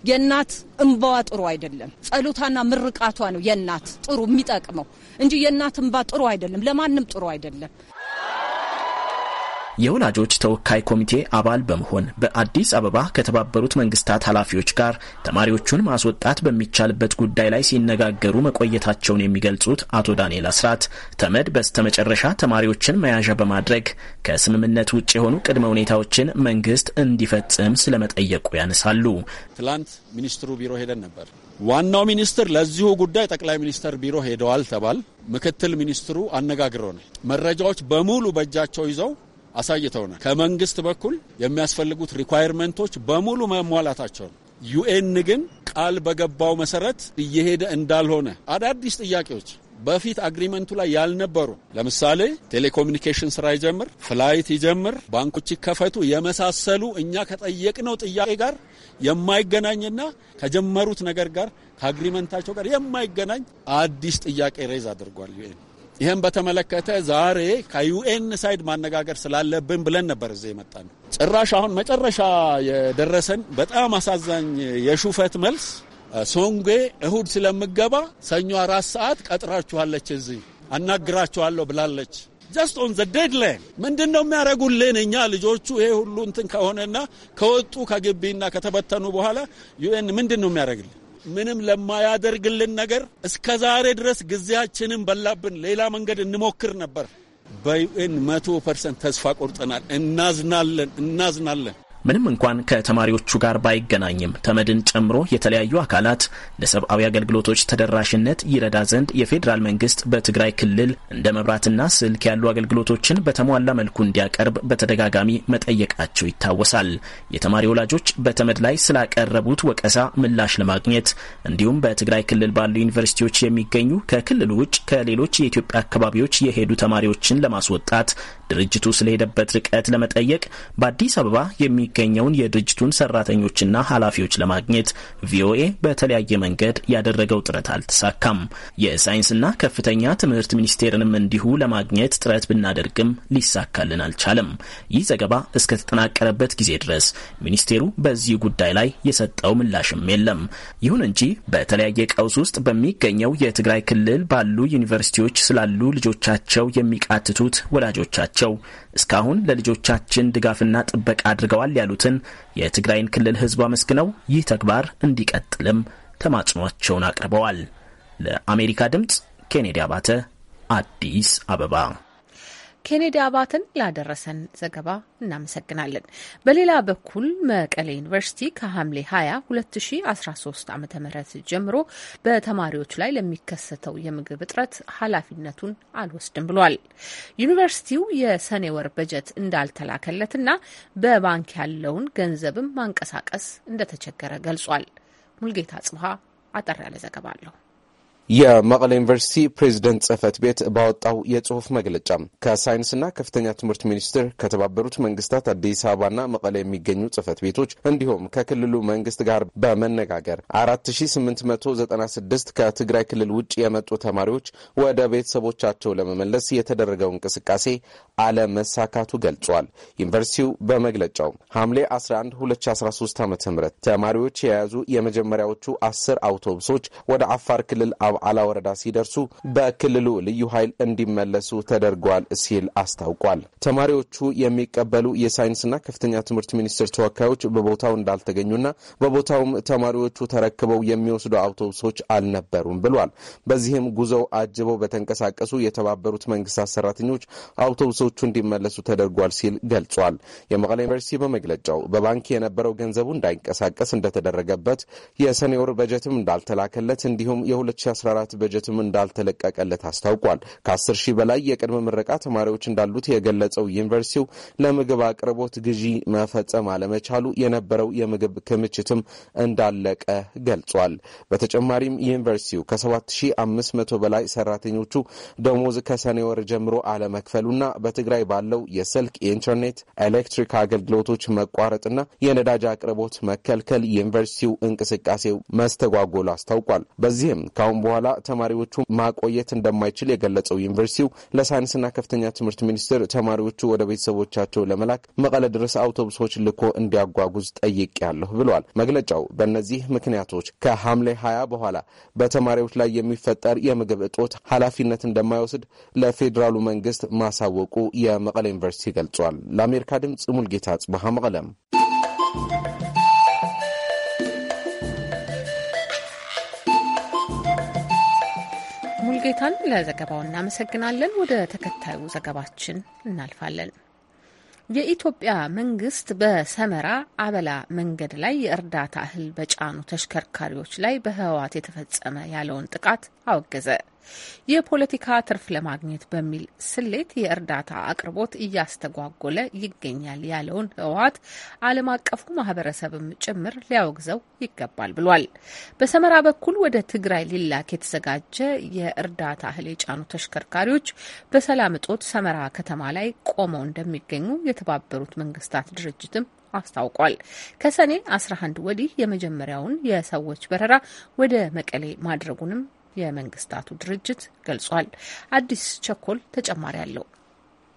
የእናት እንባዋ ጥሩ አይደለም። ጸሎታና ምርቃቷ ነው የእናት ጥሩ የሚጠቅመው እንጂ የእናት እንባ ጥሩ አይደለም፣ ለማንም ጥሩ አይደለም። የወላጆች ተወካይ ኮሚቴ አባል በመሆን በአዲስ አበባ ከተባበሩት መንግስታት ኃላፊዎች ጋር ተማሪዎቹን ማስወጣት በሚቻልበት ጉዳይ ላይ ሲነጋገሩ መቆየታቸውን የሚገልጹት አቶ ዳንኤል አስራት ተመድ በስተመጨረሻ ተማሪዎችን መያዣ በማድረግ ከስምምነት ውጭ የሆኑ ቅድመ ሁኔታዎችን መንግስት እንዲፈጽም ስለመጠየቁ ያነሳሉ። ትላንት ሚኒስትሩ ቢሮ ሄደን ነበር። ዋናው ሚኒስትር ለዚሁ ጉዳይ ጠቅላይ ሚኒስትር ቢሮ ሄደዋል ተባል። ምክትል ሚኒስትሩ አነጋግረውናል። መረጃዎች በሙሉ በእጃቸው ይዘው አሳይተውናል። ከመንግስት በኩል የሚያስፈልጉት ሪኳየርመንቶች በሙሉ መሟላታቸው ነው። ዩኤን ግን ቃል በገባው መሰረት እየሄደ እንዳልሆነ አዳዲስ ጥያቄዎች በፊት አግሪመንቱ ላይ ያልነበሩ ለምሳሌ ቴሌኮሙኒኬሽን ስራ ይጀምር፣ ፍላይት ይጀምር፣ ባንኮች ይከፈቱ የመሳሰሉ እኛ ከጠየቅነው ጥያቄ ጋር የማይገናኝና ከጀመሩት ነገር ጋር ከአግሪመንታቸው ጋር የማይገናኝ አዲስ ጥያቄ ሬዝ አድርጓል ዩኤን። ይህም በተመለከተ ዛሬ ከዩኤን ሳይድ ማነጋገር ስላለብን ብለን ነበር እዚህ የመጣ ነው። ጭራሽ አሁን መጨረሻ የደረሰን በጣም አሳዛኝ የሹፈት መልስ ሶንጌ እሁድ ስለምገባ ሰኞ አራት ሰዓት ቀጥራችኋለች፣ እዚህ አናግራችኋለሁ ብላለች። ጀስት ኦን ዘ ዴድ ምንድን ነው የሚያደርጉልን? እኛ ልጆቹ ይሄ ሁሉ እንትን ከሆነና ከወጡ ከግቢና ከተበተኑ በኋላ ዩኤን ምንድን ነው የሚያደርግልን? ምንም ለማያደርግልን ነገር እስከ ዛሬ ድረስ ጊዜያችንን በላብን። ሌላ መንገድ እንሞክር ነበር። በዩኤን መቶ ፐርሰንት ተስፋ ቆርጠናል። እናዝናለን እናዝናለን። ምንም እንኳን ከተማሪዎቹ ጋር ባይገናኝም ተመድን ጨምሮ የተለያዩ አካላት ለሰብአዊ አገልግሎቶች ተደራሽነት ይረዳ ዘንድ የፌዴራል መንግስት በትግራይ ክልል እንደ መብራትና ስልክ ያሉ አገልግሎቶችን በተሟላ መልኩ እንዲያቀርብ በተደጋጋሚ መጠየቃቸው ይታወሳል። የተማሪ ወላጆች በተመድ ላይ ስላቀረቡት ወቀሳ ምላሽ ለማግኘት እንዲሁም በትግራይ ክልል ባሉ ዩኒቨርሲቲዎች የሚገኙ ከክልሉ ውጭ ከሌሎች የኢትዮጵያ አካባቢዎች የሄዱ ተማሪዎችን ለማስወጣት ድርጅቱ ስለሄደበት ርቀት ለመጠየቅ በአዲስ አበባ የሚገኘውን የድርጅቱን ሰራተኞችና ኃላፊዎች ለማግኘት ቪኦኤ በተለያየ መንገድ ያደረገው ጥረት አልተሳካም። የሳይንስና ከፍተኛ ትምህርት ሚኒስቴርንም እንዲሁ ለማግኘት ጥረት ብናደርግም ሊሳካልን አልቻለም። ይህ ዘገባ እስከተጠናቀረበት ጊዜ ድረስ ሚኒስቴሩ በዚህ ጉዳይ ላይ የሰጠው ምላሽም የለም። ይሁን እንጂ በተለያየ ቀውስ ውስጥ በሚገኘው የትግራይ ክልል ባሉ ዩኒቨርሲቲዎች ስላሉ ልጆቻቸው የሚቃትቱት ወላጆቻቸው ናቸው። እስካሁን ለልጆቻችን ድጋፍና ጥበቃ አድርገዋል ያሉትን የትግራይን ክልል ህዝብ አመስግነው ይህ ተግባር እንዲቀጥልም ተማጽኗቸውን አቅርበዋል። ለአሜሪካ ድምፅ ኬኔዲ አባተ አዲስ አበባ ኬኔዲ አባትን ላደረሰን ዘገባ እናመሰግናለን። በሌላ በኩል መቀሌ ዩኒቨርሲቲ ከሐምሌ 20 2013 ዓ ም ጀምሮ በተማሪዎች ላይ ለሚከሰተው የምግብ እጥረት ኃላፊነቱን አልወስድም ብሏል። ዩኒቨርሲቲው የሰኔ ወር በጀት እንዳልተላከለትና በባንክ ያለውን ገንዘብም ማንቀሳቀስ እንደተቸገረ ገልጿል። ሙልጌታ ጽብሃ አጠር ያለ ዘገባ አለሁ። የመቀለ ዩኒቨርሲቲ ፕሬዚደንት ጽህፈት ቤት ባወጣው የጽሁፍ መግለጫ ከሳይንስና ከፍተኛ ትምህርት ሚኒስቴር ከተባበሩት መንግስታት አዲስ አበባና መቀለ የሚገኙ ጽህፈት ቤቶች እንዲሁም ከክልሉ መንግስት ጋር በመነጋገር 4896 ከትግራይ ክልል ውጭ የመጡ ተማሪዎች ወደ ቤተሰቦቻቸው ለመመለስ የተደረገው እንቅስቃሴ አለመሳካቱ ገልጿል። ዩኒቨርሲቲው በመግለጫው ሐምሌ 11 2013 ዓ ም ተማሪዎች የያዙ የመጀመሪያዎቹ አስር አውቶቡሶች ወደ አፋር ክልል ሰብዓላ ወረዳ ሲደርሱ በክልሉ ልዩ ኃይል እንዲመለሱ ተደርጓል ሲል አስታውቋል። ተማሪዎቹ የሚቀበሉ የሳይንስና ከፍተኛ ትምህርት ሚኒስቴር ተወካዮች በቦታው እንዳልተገኙና በቦታውም ተማሪዎቹ ተረክበው የሚወስዱ አውቶቡሶች አልነበሩም ብሏል። በዚህም ጉዞው አጅበው በተንቀሳቀሱ የተባበሩት መንግስታት ሰራተኞች አውቶቡሶቹ እንዲመለሱ ተደርጓል ሲል ገልጿል። የመቀሌ ዩኒቨርሲቲ በመግለጫው በባንክ የነበረው ገንዘቡ እንዳይንቀሳቀስ እንደተደረገበት የሰኔ ወር በጀትም እንዳልተላከለት እንዲሁም የ2015 የማስፈራት በጀትም እንዳልተለቀቀለት አስታውቋል። ከ10 ሺህ በላይ የቅድመ ምረቃ ተማሪዎች እንዳሉት የገለጸው ዩኒቨርሲቲው ለምግብ አቅርቦት ግዢ መፈጸም አለመቻሉ የነበረው የምግብ ክምችትም እንዳለቀ ገልጿል። በተጨማሪም ዩኒቨርሲቲው ከ7500 በላይ ሰራተኞቹ ደሞዝ ከሰኔ ወር ጀምሮ አለመክፈሉና በትግራይ ባለው የስልክ የኢንተርኔት፣ ኤሌክትሪክ አገልግሎቶች መቋረጥና የነዳጅ አቅርቦት መከልከል ዩኒቨርሲቲው እንቅስቃሴው መስተጓጎሉ አስታውቋል። በዚህም ካሁን በኋላ በኋላ ተማሪዎቹ ማቆየት እንደማይችል የገለጸው ዩኒቨርሲቲው ለሳይንስና ከፍተኛ ትምህርት ሚኒስቴር ተማሪዎቹ ወደ ቤተሰቦቻቸው ለመላክ መቀለ ድረስ አውቶቡሶች ልኮ እንዲያጓጉዝ ያለሁ ብለዋል። መግለጫው በእነዚህ ምክንያቶች ከሐምሌ ሀያ በኋላ በተማሪዎች ላይ የሚፈጠር የምግብ እጦት ኃላፊነት እንደማይወስድ ለፌዴራሉ መንግስት ማሳወቁ የመቀለ ዩኒቨርሲቲ ገልጿል። ለአሜሪካ ድምፅ ሙልጌታ ጽበሃ መቀለም ሙልጌታን ለዘገባው እናመሰግናለን። ወደ ተከታዩ ዘገባችን እናልፋለን። የኢትዮጵያ መንግስት በሰመራ አበላ መንገድ ላይ የእርዳታ እህል በጫኑ ተሽከርካሪዎች ላይ በህወሓት የተፈጸመ ያለውን ጥቃት አወገዘ። የፖለቲካ ትርፍ ለማግኘት በሚል ስሌት የእርዳታ አቅርቦት እያስተጓጎለ ይገኛል ያለውን ህወሀት ዓለም አቀፉ ማህበረሰብም ጭምር ሊያወግዘው ይገባል ብሏል። በሰመራ በኩል ወደ ትግራይ ሊላክ የተዘጋጀ የእርዳታ እህል የጫኑ ተሽከርካሪዎች በሰላም እጦት ሰመራ ከተማ ላይ ቆመው እንደሚገኙ የተባበሩት መንግስታት ድርጅትም አስታውቋል። ከሰኔ 11 ወዲህ የመጀመሪያውን የሰዎች በረራ ወደ መቀሌ ማድረጉንም የመንግስታቱ ድርጅት ገልጿል። አዲስ ቸኮል ተጨማሪ አለው።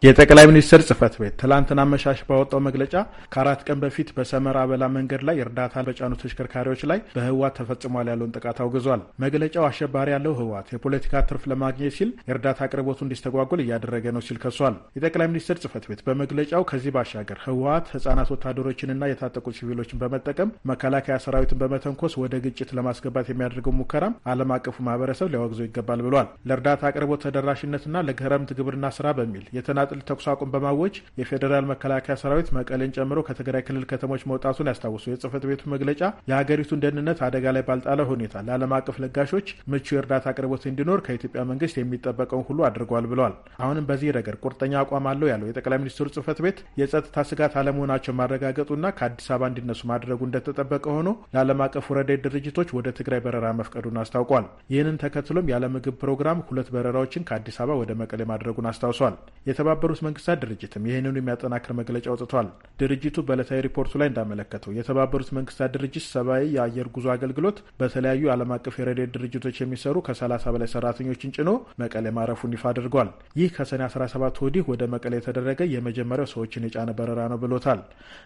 የጠቅላይ ሚኒስትር ጽህፈት ቤት ትላንትና አመሻሽ ባወጣው መግለጫ ከአራት ቀን በፊት በሰመራ አበላ መንገድ ላይ እርዳታ በጫኑ ተሽከርካሪዎች ላይ በህወሓት ተፈጽሟል ያለውን ጥቃት አውግዟል። መግለጫው አሸባሪ ያለው ህወሓት የፖለቲካ ትርፍ ለማግኘት ሲል የእርዳታ አቅርቦቱ እንዲስተጓጉል እያደረገ ነው ሲል ከሷል። የጠቅላይ ሚኒስትር ጽህፈት ቤት በመግለጫው ከዚህ ባሻገር ህወሓት ህጻናት ወታደሮችንና የታጠቁ ሲቪሎችን በመጠቀም መከላከያ ሰራዊትን በመተንኮስ ወደ ግጭት ለማስገባት የሚያደርገው ሙከራም ዓለም አቀፉ ማህበረሰብ ሊያወግዘው ይገባል ብሏል። ለእርዳታ አቅርቦት ተደራሽነትና ለክረምት ግብርና ስራ በሚል የተናጠ የተናጥል ተኩስ አቁም በማወጅ የፌዴራል መከላከያ ሰራዊት መቀሌን ጨምሮ ከትግራይ ክልል ከተሞች መውጣቱን ያስታውሱ የጽህፈት ቤቱ መግለጫ የሀገሪቱን ደህንነት አደጋ ላይ ባልጣለ ሁኔታ ለዓለም አቀፍ ለጋሾች ምቹ የእርዳታ አቅርቦት እንዲኖር ከኢትዮጵያ መንግስት የሚጠበቀውን ሁሉ አድርጓል ብለዋል። አሁንም በዚህ ረገድ ቁርጠኛ አቋም አለው ያለው የጠቅላይ ሚኒስትሩ ጽህፈት ቤት የጸጥታ ስጋት አለመሆናቸው ማረጋገጡና ከአዲስ አበባ እንዲነሱ ማድረጉ እንደተጠበቀ ሆኖ ለዓለም አቀፍ ወረዳ ድርጅቶች ወደ ትግራይ በረራ መፍቀዱን አስታውቋል። ይህንን ተከትሎም ያለምግብ ፕሮግራም ሁለት በረራዎችን ከአዲስ አበባ ወደ መቀሌ ማድረጉን አስታውሷል። የተባበሩት መንግስታት ድርጅትም ይህንኑ የሚያጠናክር መግለጫ አውጥቷል። ድርጅቱ በዕለታዊ ሪፖርቱ ላይ እንዳመለከተው የተባበሩት መንግስታት ድርጅት ሰብአዊ የአየር ጉዞ አገልግሎት በተለያዩ ዓለም አቀፍ የረድኤት ድርጅቶች የሚሰሩ ከ30 በላይ ሰራተኞችን ጭኖ መቀሌ ማረፉን ይፋ አድርጓል። ይህ ከሰኔ 17 ወዲህ ወደ መቀሌ የተደረገ የመጀመሪያው ሰዎችን የጫነ በረራ ነው ብሎታል።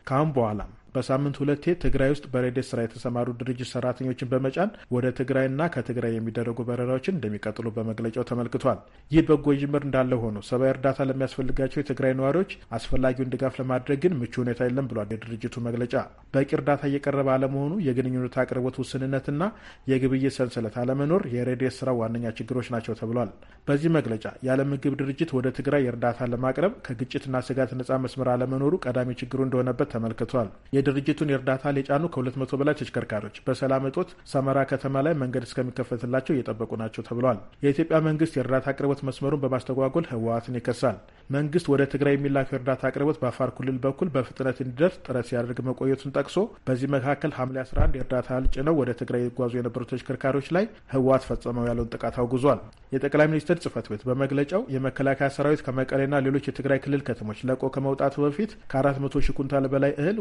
ከአሁን በኋላም በሳምንት ሁለቴ ትግራይ ውስጥ በሬዴት ስራ የተሰማሩ ድርጅት ሰራተኞችን በመጫን ወደ ትግራይና ከትግራይ የሚደረጉ በረራዎችን እንደሚቀጥሉ በመግለጫው ተመልክቷል። ይህ በጎ ጅምር እንዳለ ሆኖ ሰብአዊ እርዳታ ለሚያስፈልጋቸው የትግራይ ነዋሪዎች አስፈላጊውን ድጋፍ ለማድረግ ግን ምቹ ሁኔታ የለም ብሏል የድርጅቱ መግለጫ። በቂ እርዳታ እየቀረበ አለመሆኑ፣ የግንኙነት አቅርቦት ውስንነትና የግብይት ሰንሰለት አለመኖር የሬዴት ስራ ዋነኛ ችግሮች ናቸው ተብሏል። በዚህ መግለጫ የዓለም ምግብ ድርጅት ወደ ትግራይ እርዳታ ለማቅረብ ከግጭትና ስጋት ነጻ መስመር አለመኖሩ ቀዳሚ ችግሩ እንደሆነበት ተመልክቷል። የድርጅቱን የእርዳታ ሊጫኑ ከሁለት መቶ በላይ ተሽከርካሪዎች በሰላም እጦት ሰመራ ከተማ ላይ መንገድ እስከሚከፈትላቸው እየጠበቁ ናቸው ተብሏል። የኢትዮጵያ መንግስት የእርዳታ አቅርቦት መስመሩን በማስተጓጎል ህወሀትን ይከሳል። መንግስት ወደ ትግራይ የሚላከው የእርዳታ አቅርቦት በአፋር ክልል በኩል በፍጥነት እንዲደርስ ጥረት ሲያደርግ መቆየቱን ጠቅሶ በዚህ መካከል ሐምሌ 11 የእርዳታ እህል ጭነው ወደ ትግራይ ይጓዙ የነበሩ ተሽከርካሪዎች ላይ ህወሀት ፈጸመው ያለውን ጥቃት አውግዟል። የጠቅላይ ሚኒስትር ጽህፈት ቤት በመግለጫው የመከላከያ ሰራዊት ከመቀሌና ሌሎች የትግራይ ክልል ከተሞች ለቆ ከመውጣቱ በፊት ከ400 ሺህ ኩንታል በላይ እህል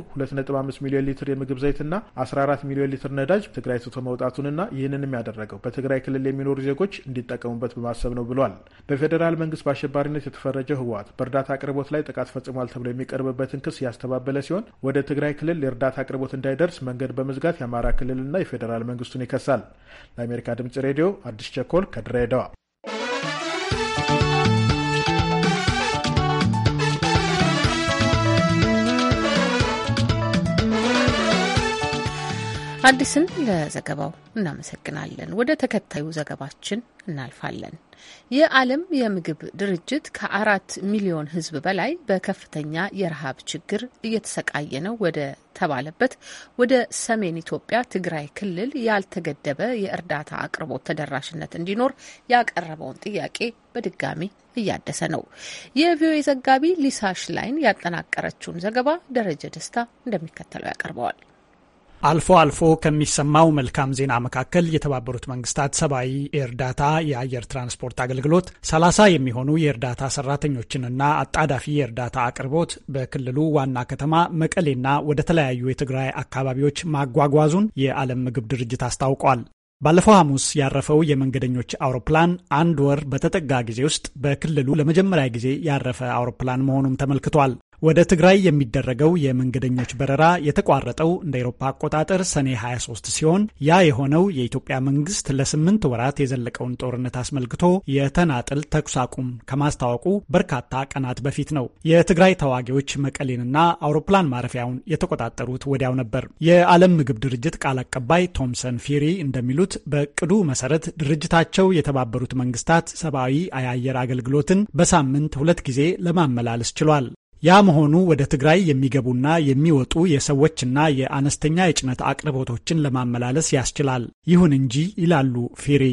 1.5 ሚሊዮን ሊትር የምግብ ዘይትና 14 ሚሊዮን ሊትር ነዳጅ ትግራይ ትቶ መውጣቱንና ይህንንም ያደረገው በትግራይ ክልል የሚኖሩ ዜጎች እንዲጠቀሙበት በማሰብ ነው ብሏል። በፌዴራል መንግስት በአሸባሪነት የተፈረጀው ህወሓት በእርዳታ አቅርቦት ላይ ጥቃት ፈጽሟል ተብሎ የሚቀርብበትን ክስ ያስተባበለ ሲሆን ወደ ትግራይ ክልል የእርዳታ አቅርቦት እንዳይደርስ መንገድ በመዝጋት የአማራ ክልልና የፌዴራል መንግስቱን ይከሳል። ለአሜሪካ ድምጽ ሬዲዮ አዲስ ቸኮል ከድሬዳዋ አዲስን ለዘገባው እናመሰግናለን። ወደ ተከታዩ ዘገባችን እናልፋለን። የዓለም የምግብ ድርጅት ከአራት ሚሊዮን ሕዝብ በላይ በከፍተኛ የረሃብ ችግር እየተሰቃየ ነው ወደ ተባለበት ወደ ሰሜን ኢትዮጵያ ትግራይ ክልል ያልተገደበ የእርዳታ አቅርቦት ተደራሽነት እንዲኖር ያቀረበውን ጥያቄ በድጋሚ እያደሰ ነው። የቪኦኤ ዘጋቢ ሊሳሽ ላይን ያጠናቀረችውን ዘገባ ደረጀ ደስታ እንደሚከተለው ያቀርበዋል። አልፎ አልፎ ከሚሰማው መልካም ዜና መካከል የተባበሩት መንግስታት ሰብአዊ የእርዳታ የአየር ትራንስፖርት አገልግሎት 30 የሚሆኑ የእርዳታ ሰራተኞችንና አጣዳፊ የእርዳታ አቅርቦት በክልሉ ዋና ከተማ መቀሌና ወደ ተለያዩ የትግራይ አካባቢዎች ማጓጓዙን የዓለም ምግብ ድርጅት አስታውቋል። ባለፈው ሐሙስ ያረፈው የመንገደኞች አውሮፕላን አንድ ወር በተጠጋ ጊዜ ውስጥ በክልሉ ለመጀመሪያ ጊዜ ያረፈ አውሮፕላን መሆኑም ተመልክቷል። ወደ ትግራይ የሚደረገው የመንገደኞች በረራ የተቋረጠው እንደ ኤሮፓ አቆጣጠር ሰኔ 23 ሲሆን ያ የሆነው የኢትዮጵያ መንግስት ለስምንት ወራት የዘለቀውን ጦርነት አስመልክቶ የተናጥል ተኩስ አቁም ከማስታወቁ በርካታ ቀናት በፊት ነው። የትግራይ ተዋጊዎች መቀሌንና አውሮፕላን ማረፊያውን የተቆጣጠሩት ወዲያው ነበር። የዓለም ምግብ ድርጅት ቃል አቀባይ ቶምሰን ፊሪ እንደሚሉት በእቅዱ መሰረት ድርጅታቸው የተባበሩት መንግስታት ሰብአዊ የአየር አገልግሎትን በሳምንት ሁለት ጊዜ ለማመላለስ ችሏል። ያ መሆኑ ወደ ትግራይ የሚገቡና የሚወጡ የሰዎችና የአነስተኛ የጭነት አቅርቦቶችን ለማመላለስ ያስችላል። ይሁን እንጂ ይላሉ ፌሪ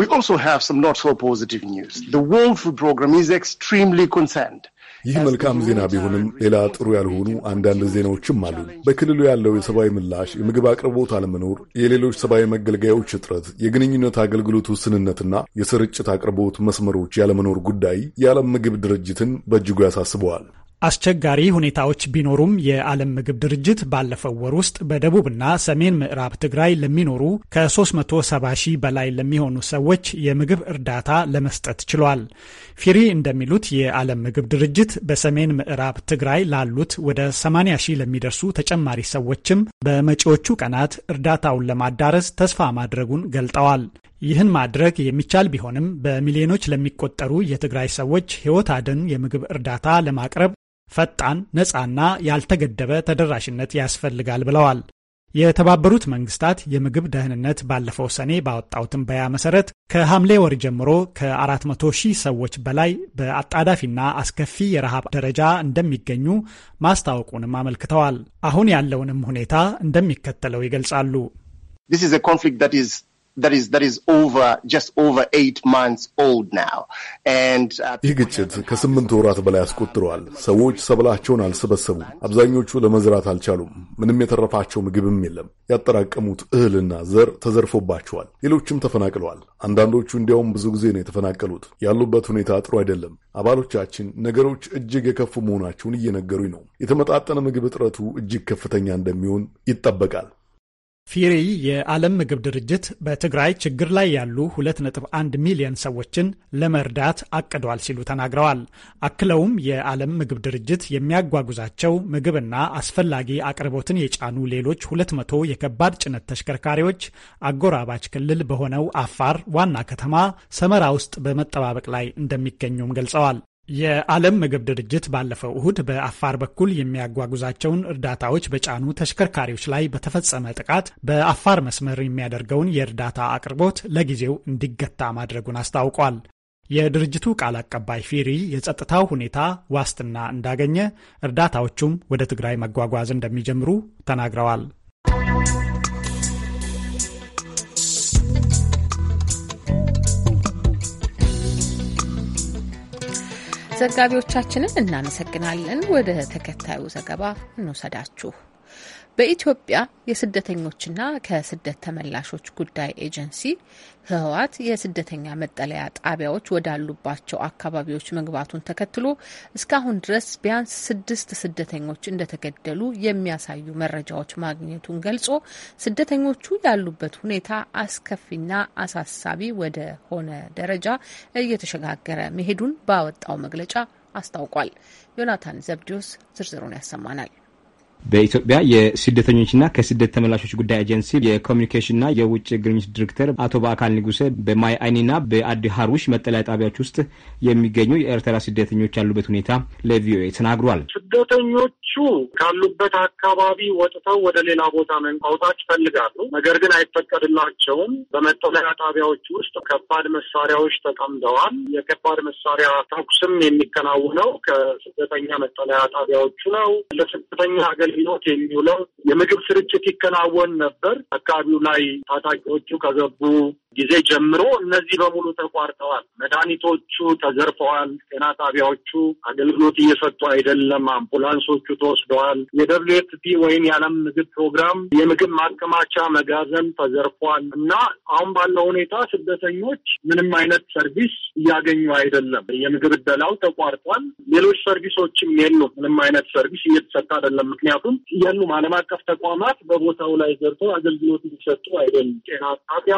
We also have some not so positive news. The World Food Programme is extremely concerned ይህ መልካም ዜና ቢሆንም ሌላ ጥሩ ያልሆኑ አንዳንድ ዜናዎችም አሉ። በክልሉ ያለው የሰብአዊ ምላሽ፣ የምግብ አቅርቦት አለመኖር፣ የሌሎች ሰብአዊ መገልገያዎች እጥረት፣ የግንኙነት አገልግሎት ውስንነትና የስርጭት አቅርቦት መስመሮች ያለመኖር ጉዳይ የዓለም ምግብ ድርጅትን በእጅጉ ያሳስበዋል። አስቸጋሪ ሁኔታዎች ቢኖሩም የዓለም ምግብ ድርጅት ባለፈው ወር ውስጥ በደቡብና ሰሜን ምዕራብ ትግራይ ለሚኖሩ ከ370 ሺህ በላይ ለሚሆኑ ሰዎች የምግብ እርዳታ ለመስጠት ችሏል። ፊሪ እንደሚሉት የዓለም ምግብ ድርጅት በሰሜን ምዕራብ ትግራይ ላሉት ወደ 80 ሺህ ለሚደርሱ ተጨማሪ ሰዎችም በመጪዎቹ ቀናት እርዳታውን ለማዳረስ ተስፋ ማድረጉን ገልጠዋል። ይህን ማድረግ የሚቻል ቢሆንም በሚሊዮኖች ለሚቆጠሩ የትግራይ ሰዎች ሕይወት አድን የምግብ እርዳታ ለማቅረብ ፈጣን፣ ነፃና ያልተገደበ ተደራሽነት ያስፈልጋል ብለዋል። የተባበሩት መንግስታት የምግብ ደህንነት ባለፈው ሰኔ ባወጣው ትንበያ መሰረት ከሐምሌ ወር ጀምሮ ከ400 ሺህ ሰዎች በላይ በአጣዳፊና አስከፊ የረሃብ ደረጃ እንደሚገኙ ማስታወቁንም አመልክተዋል። አሁን ያለውንም ሁኔታ እንደሚከተለው ይገልጻሉ። This is a conflict that is ይህ ግጭት ከስምንት ወራት በላይ አስቆጥረዋል። ሰዎች ሰብላቸውን አልሰበሰቡም። አብዛኞቹ ለመዝራት አልቻሉም። ምንም የተረፋቸው ምግብም የለም። ያጠራቀሙት እህልና ዘር ተዘርፎባቸዋል። ሌሎችም ተፈናቅለዋል። አንዳንዶቹ እንዲያውም ብዙ ጊዜ ነው የተፈናቀሉት። ያሉበት ሁኔታ ጥሩ አይደለም። አባሎቻችን ነገሮች እጅግ የከፉ መሆናቸውን እየነገሩኝ ነው። የተመጣጠነ ምግብ እጥረቱ እጅግ ከፍተኛ እንደሚሆን ይጠበቃል። ፊሪ የዓለም ምግብ ድርጅት በትግራይ ችግር ላይ ያሉ 2.1 ሚሊዮን ሰዎችን ለመርዳት አቅዷል ሲሉ ተናግረዋል። አክለውም የዓለም ምግብ ድርጅት የሚያጓጉዛቸው ምግብና አስፈላጊ አቅርቦትን የጫኑ ሌሎች 200 የከባድ ጭነት ተሽከርካሪዎች አጎራባች ክልል በሆነው አፋር ዋና ከተማ ሰመራ ውስጥ በመጠባበቅ ላይ እንደሚገኙም ገልጸዋል። የዓለም ምግብ ድርጅት ባለፈው እሁድ በአፋር በኩል የሚያጓጉዛቸውን እርዳታዎች በጫኑ ተሽከርካሪዎች ላይ በተፈጸመ ጥቃት በአፋር መስመር የሚያደርገውን የእርዳታ አቅርቦት ለጊዜው እንዲገታ ማድረጉን አስታውቋል። የድርጅቱ ቃል አቀባይ ፊሪ የጸጥታው ሁኔታ ዋስትና እንዳገኘ እርዳታዎቹም ወደ ትግራይ መጓጓዝ እንደሚጀምሩ ተናግረዋል። ዘጋቢዎቻችንን እናመሰግናለን። ወደ ተከታዩ ዘገባ እንውሰዳችሁ። በኢትዮጵያ የስደተኞችና ከስደት ተመላሾች ጉዳይ ኤጀንሲ ህወሓት የስደተኛ መጠለያ ጣቢያዎች ወዳሉባቸው አካባቢዎች መግባቱን ተከትሎ እስካሁን ድረስ ቢያንስ ስድስት ስደተኞች እንደተገደሉ የሚያሳዩ መረጃዎች ማግኘቱን ገልጾ ስደተኞቹ ያሉበት ሁኔታ አስከፊና አሳሳቢ ወደ ሆነ ደረጃ እየተሸጋገረ መሄዱን ባወጣው መግለጫ አስታውቋል። ዮናታን ዘብዲዮስ ዝርዝሩን ያሰማናል። በኢትዮጵያ የስደተኞችና ከስደት ተመላሾች ጉዳይ ኤጀንሲ የኮሚኒኬሽንና የውጭ ግንኙነት ዲሬክተር አቶ በአካል ንጉሴ በማይ አይኒና በአዲ ሀሩሽ መጠለያ ጣቢያዎች ውስጥ የሚገኙ የኤርትራ ስደተኞች ያሉበት ሁኔታ ለቪኦኤ ተናግሯል። ስደተኞቹ ካሉበት አካባቢ ወጥተው ወደ ሌላ ቦታ መንቋውጣት ይፈልጋሉ። ነገር ግን አይፈቀድላቸውም። በመጠለያ ጣቢያዎች ውስጥ ከባድ መሳሪያዎች ተጠምደዋል። የከባድ መሳሪያ ተኩስም የሚከናወነው ከስደተኛ መጠለያ ጣቢያዎቹ ነው። ለስደተኛ ሀገር አገልግሎት የሚውለው የምግብ ስርጭት ይከናወን ነበር። አካባቢው ላይ ታጣቂዎቹ ከገቡ ጊዜ ጀምሮ እነዚህ በሙሉ ተቋርጠዋል። መድኃኒቶቹ ተዘርፈዋል። ጤና ጣቢያዎቹ አገልግሎት እየሰጡ አይደለም። አምቡላንሶቹ ተወስደዋል። የደብሊው ወይም የዓለም ምግብ ፕሮግራም የምግብ ማከማቻ መጋዘን ተዘርፏል እና አሁን ባለው ሁኔታ ስደተኞች ምንም አይነት ሰርቪስ እያገኙ አይደለም። የምግብ እደላው ተቋርጧል። ሌሎች ሰርቪሶችም የሉ። ምንም አይነት ሰርቪስ እየተሰጠ አይደለም። ምክንያቱም የሉም ዓለም አቀፍ ተቋማት በቦታው ላይ ዘርቶ አገልግሎት እንዲሰጡ አይደለም። ጤና ጣቢያ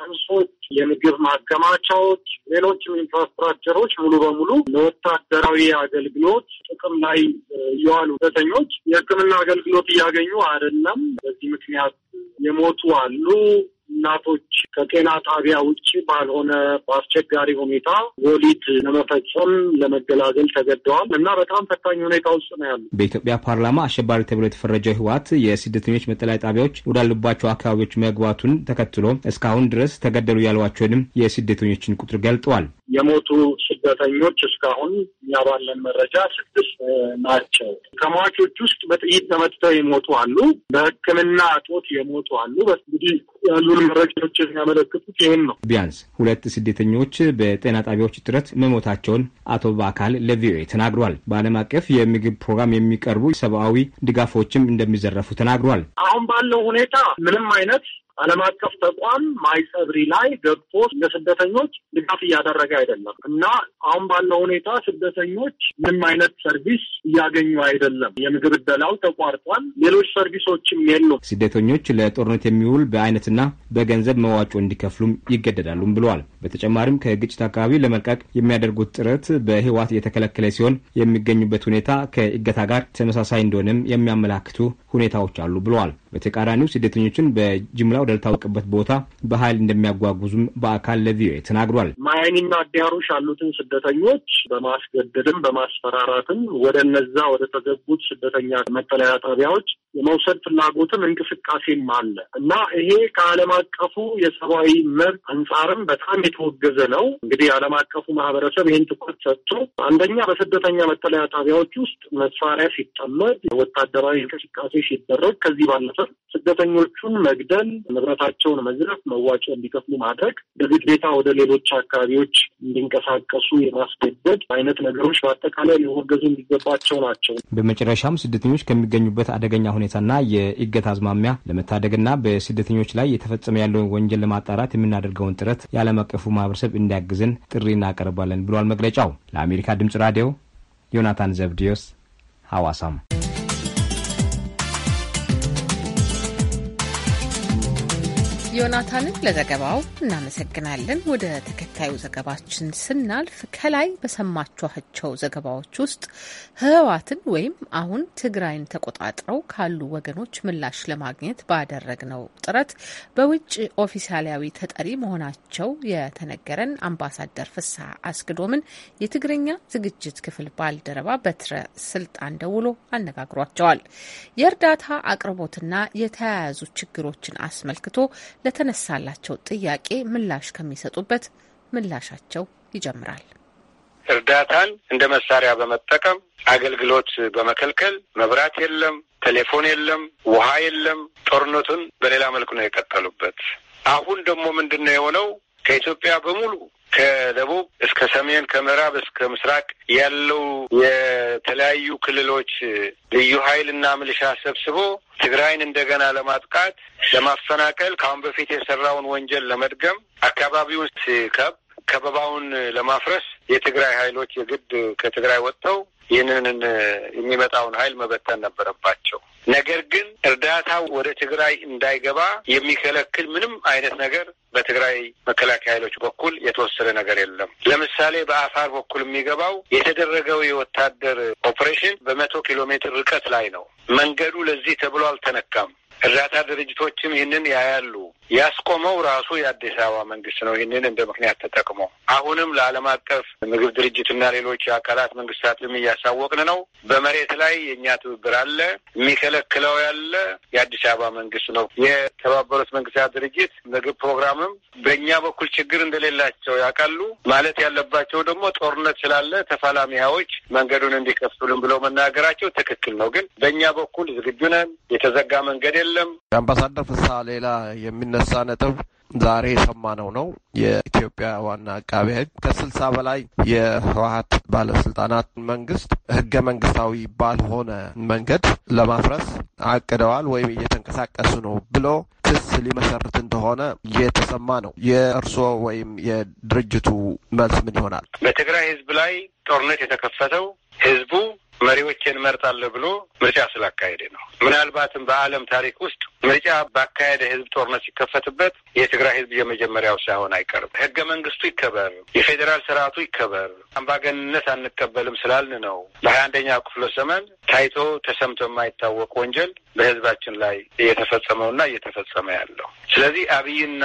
አምቡላንሶች፣ የምግብ ማከማቻዎች፣ ሌሎችም ኢንፍራስትራክቸሮች ሙሉ በሙሉ ለወታደራዊ አገልግሎት ጥቅም ላይ የዋሉ ተኞች የሕክምና አገልግሎት እያገኙ አይደለም። በዚህ ምክንያት የሞቱ አሉ። እናቶች ከጤና ጣቢያ ውጭ ባልሆነ በአስቸጋሪ ሁኔታ ወሊድ ለመፈጸም ለመገላገል ተገደዋል እና በጣም ፈታኝ ሁኔታ ውስጥ ነው ያሉ። በኢትዮጵያ ፓርላማ አሸባሪ ተብሎ የተፈረጀው ህወሓት የስደተኞች መጠለያ ጣቢያዎች ወዳሉባቸው አካባቢዎች መግባቱን ተከትሎ እስካሁን ድረስ ተገደሉ ያሏቸውንም የስደተኞችን ቁጥር ገልጠዋል። የሞቱ ስደተኞች እስካሁን እኛ ባለን መረጃ ስድስት ናቸው። ከሟቾች ውስጥ በጥይት ተመትተው የሞቱ አሉ፣ በሕክምና እጦት የሞቱ አሉ። እንግዲህ ያሉን መረጃዎች የሚያመለክቱት ይህን ነው። ቢያንስ ሁለት ስደተኞች በጤና ጣቢያዎች እጥረት መሞታቸውን አቶ በአካል ለቪኦኤ ተናግሯል። በዓለም አቀፍ የምግብ ፕሮግራም የሚቀርቡ ሰብአዊ ድጋፎችም እንደሚዘረፉ ተናግሯል። አሁን ባለው ሁኔታ ምንም አይነት ዓለም አቀፍ ተቋም ማይጸብሪ ላይ ገብቶ ለስደተኞች ድጋፍ እያደረገ አይደለም እና አሁን ባለው ሁኔታ ስደተኞች ምንም አይነት ሰርቪስ እያገኙ አይደለም። የምግብ እደላው ተቋርጧል። ሌሎች ሰርቪሶችም የሉም። ስደተኞች ለጦርነት የሚውል በአይነትና በገንዘብ መዋጮ እንዲከፍሉም ይገደዳሉም ብለዋል። በተጨማሪም ከግጭት አካባቢ ለመልቀቅ የሚያደርጉት ጥረት በህወሓት የተከለከለ ሲሆን የሚገኙበት ሁኔታ ከእገታ ጋር ተመሳሳይ እንደሆነም የሚያመላክቱ ሁኔታዎች አሉ ብለዋል። በተቃራኒው ስደተኞችን በጅምላ ወዳልታወቀበት ቦታ በኃይል እንደሚያጓጉዙም በአካል ለቪኦኤ ተናግሯል። ማያኒና አዲያሮሽ ያሉትን ስደተኞች በማስገደድም በማስፈራራትም ወደ እነዛ ወደ ተገቡት ስደተኛ መጠለያ ጣቢያዎች የመውሰድ ፍላጎትም እንቅስቃሴም አለ እና ይሄ ከዓለም አቀፉ የሰብአዊ መብት አንጻርም በጣም የተወገዘ ነው። እንግዲህ ዓለም አቀፉ ማህበረሰብ ይህን ትኩረት ሰጥቶ አንደኛ በስደተኛ መጠለያ ጣቢያዎች ውስጥ መሳሪያ ሲጠመድ፣ ወታደራዊ እንቅስቃሴ ሲደረግ፣ ከዚህ ባለፈ ስደተኞቹን መግደል፣ ንብረታቸውን መዝረፍ፣ መዋጮ እንዲከፍሉ ማድረግ፣ በግዴታ ወደ ሌሎች አካባቢዎች እንዲንቀሳቀሱ የማስገደድ አይነት ነገሮች በአጠቃላይ ሊወገዙ የሚገባቸው ናቸው። በመጨረሻም ስደተኞች ከሚገኙበት አደገኛ ሁኔታና የእገት አዝማሚያ ለመታደግና በስደተኞች ላይ የተፈጸመ ያለውን ወንጀል ለማጣራት የምናደርገውን ጥረት የዓለም አቀፉ ማህበረሰብ እንዲያግዝን ጥሪ እናቀርባለን ብሏል መግለጫው። ለአሜሪካ ድምጽ ራዲዮ ዮናታን ዘብዲዮስ ሐዋሳም ዮናታንን ለዘገባው እናመሰግናለን። ወደ ተከታዩ ዘገባችን ስናልፍ ከላይ በሰማችኋቸው ዘገባዎች ውስጥ ህወሓትን ወይም አሁን ትግራይን ተቆጣጥረው ካሉ ወገኖች ምላሽ ለማግኘት ባደረግነው ጥረት በውጭ ኦፊሳላዊ ተጠሪ መሆናቸው የተነገረን አምባሳደር ፍስሐ አስግዶምን የትግርኛ ዝግጅት ክፍል ባልደረባ በትረ ስልጣን ደውሎ አነጋግሯቸዋል። የእርዳታ አቅርቦትና የተያያዙ ችግሮችን አስመልክቶ ለተነሳላቸው ጥያቄ ምላሽ ከሚሰጡበት ምላሻቸው ይጀምራል። እርዳታን እንደ መሳሪያ በመጠቀም አገልግሎት በመከልከል መብራት የለም፣ ቴሌፎን የለም፣ ውሃ የለም። ጦርነቱን በሌላ መልኩ ነው የቀጠሉበት። አሁን ደግሞ ምንድን ነው የሆነው? ከኢትዮጵያ በሙሉ ከደቡብ እስከ ሰሜን ከምዕራብ እስከ ምስራቅ ያለው የተለያዩ ክልሎች ልዩ ኃይልና ምልሻ ሰብስቦ ትግራይን እንደገና ለማጥቃት ለማፈናቀል፣ ከአሁን በፊት የሰራውን ወንጀል ለመድገም፣ አካባቢውን ሲከብ ከበባውን ለማፍረስ የትግራይ ኃይሎች የግድ ከትግራይ ወጥተው ይህንን የሚመጣውን ኃይል መበተን ነበረባቸው። ነገር ግን እርዳታ ወደ ትግራይ እንዳይገባ የሚከለክል ምንም አይነት ነገር በትግራይ መከላከያ ኃይሎች በኩል የተወሰደ ነገር የለም። ለምሳሌ በአፋር በኩል የሚገባው የተደረገው የወታደር ኦፕሬሽን በመቶ ኪሎ ሜትር ርቀት ላይ ነው። መንገዱ ለዚህ ተብሎ አልተነካም። እርዳታ ድርጅቶችም ይህንን ያያሉ። ያስቆመው ራሱ የአዲስ አበባ መንግስት ነው። ይህንን እንደ ምክንያት ተጠቅሞ አሁንም ለዓለም አቀፍ ምግብ ድርጅትና ሌሎች አካላት መንግስታትም እያሳወቅን ነው። በመሬት ላይ የእኛ ትብብር አለ። የሚከለክለው ያለ የአዲስ አበባ መንግስት ነው። የተባበሩት መንግስታት ድርጅት ምግብ ፕሮግራምም በእኛ በኩል ችግር እንደሌላቸው ያውቃሉ። ማለት ያለባቸው ደግሞ ጦርነት ስላለ ተፋላሚያዎች መንገዱን እንዲከፍቱልን ብለው መናገራቸው ትክክል ነው። ግን በእኛ በኩል ዝግጁ ነን። የተዘጋ መንገድ የለም። አምባሳደር ፍስሀ ሌላ የሚነ የተነሳ ነጥብ ዛሬ የሰማነው ነው። የኢትዮጵያ ዋና አቃቤ ሕግ ከስልሳ በላይ የህወሀት ባለስልጣናት መንግስት ህገ መንግስታዊ ባልሆነ መንገድ ለማፍረስ አቅደዋል ወይም እየተንቀሳቀሱ ነው ብሎ ክስ ሊመሰርት እንደሆነ እየተሰማ ነው። የእርስዎ ወይም የድርጅቱ መልስ ምን ይሆናል? በትግራይ ህዝብ ላይ ጦርነት የተከፈተው ህዝቡ መሪዎችን መርጣለሁ ብሎ ምርጫ ስላካሄደ ነው። ምናልባትም በዓለም ታሪክ ውስጥ ምርጫ ባካሄደ ህዝብ ጦርነት ሲከፈትበት የትግራይ ህዝብ የመጀመሪያው ሳይሆን አይቀርም። ህገ መንግስቱ ይከበር፣ የፌዴራል ስርዓቱ ይከበር፣ አምባገንነት አንቀበልም ስላልን ነው በሀያ አንደኛው ክፍለ ዘመን ታይቶ ተሰምቶ የማይታወቅ ወንጀል በህዝባችን ላይ እየተፈጸመውና እየተፈጸመ ያለው። ስለዚህ አብይና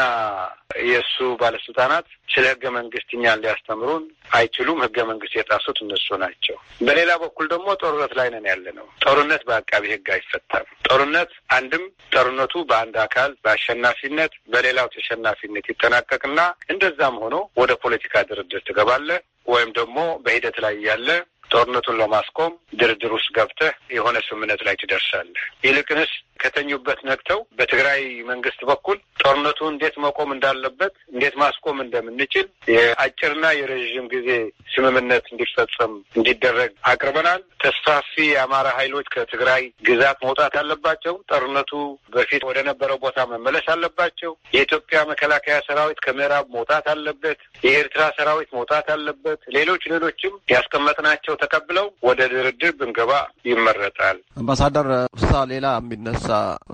የእሱ ባለስልጣናት ስለ ህገ መንግስት እኛን ሊያስተምሩን አይችሉም። ህገ መንግስት የሚያጣሱት እነሱ ናቸው። በሌላ በኩል ደግሞ ጦርነት ላይ ነን ያለ ነው። ጦርነት በአቃቢ ህግ አይፈታም። ጦርነት አንድም ጦርነቱ በአንድ አካል በአሸናፊነት በሌላው ተሸናፊነት ይጠናቀቅና እንደዛም ሆኖ ወደ ፖለቲካ ድርድር ትገባለህ ወይም ደግሞ በሂደት ላይ ያለ ጦርነቱን ለማስቆም ድርድር ውስጥ ገብተህ የሆነ ስምምነት ላይ ትደርሳለህ። ይልቅንስ ከተኙበት ነቅተው በትግራይ መንግስት በኩል ጦርነቱ እንዴት መቆም እንዳለበት፣ እንዴት ማስቆም እንደምንችል የአጭርና የረዥም ጊዜ ስምምነት እንዲፈጸም እንዲደረግ አቅርበናል። ተስፋፊ የአማራ ኃይሎች ከትግራይ ግዛት መውጣት አለባቸው። ጦርነቱ በፊት ወደ ነበረው ቦታ መመለስ አለባቸው። የኢትዮጵያ መከላከያ ሰራዊት ከምዕራብ መውጣት አለበት። የኤርትራ ሰራዊት መውጣት አለበት። ሌሎች ሌሎችም ያስቀመጥናቸው ተቀብለው ወደ ድርድር ብንገባ ይመረጣል። አምባሳደር ፍስሀ ሌላ የሚነሳ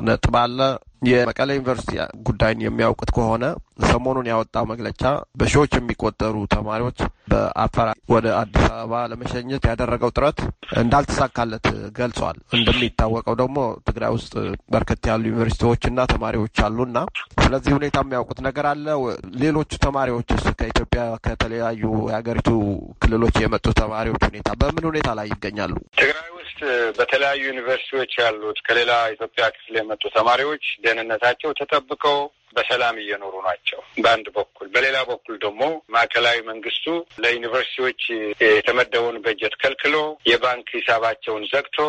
ነጥብ አለ። የመቀሌ ዩኒቨርሲቲ ጉዳይን የሚያውቁት ከሆነ ሰሞኑን ያወጣው መግለጫ በሺዎች የሚቆጠሩ ተማሪዎች በአፈራ ወደ አዲስ አበባ ለመሸኘት ያደረገው ጥረት እንዳልተሳካለት ገልጿል። እንደሚታወቀው ደግሞ ትግራይ ውስጥ በርከት ያሉ ዩኒቨርሲቲዎችና ተማሪዎች አሉና ስለዚህ ሁኔታ የሚያውቁት ነገር አለ። ሌሎቹ ተማሪዎችስ ከኢትዮጵያ ከተለያዩ የሀገሪቱ ክልሎች የመጡ ተማሪዎች ሁኔታ በምን ሁኔታ ላይ ይገኛሉ? ትግራይ ውስጥ በተለያዩ ዩኒቨርሲቲዎች ያሉት ከሌላ ኢትዮጵያ ክፍል የመጡ ተማሪዎች ደህንነታቸው ተጠብቀው በሰላም እየኖሩ ናቸው በአንድ በኩል። በሌላ በኩል ደግሞ ማዕከላዊ መንግስቱ ለዩኒቨርሲቲዎች የተመደበውን በጀት ከልክሎ የባንክ ሂሳባቸውን ዘግቶ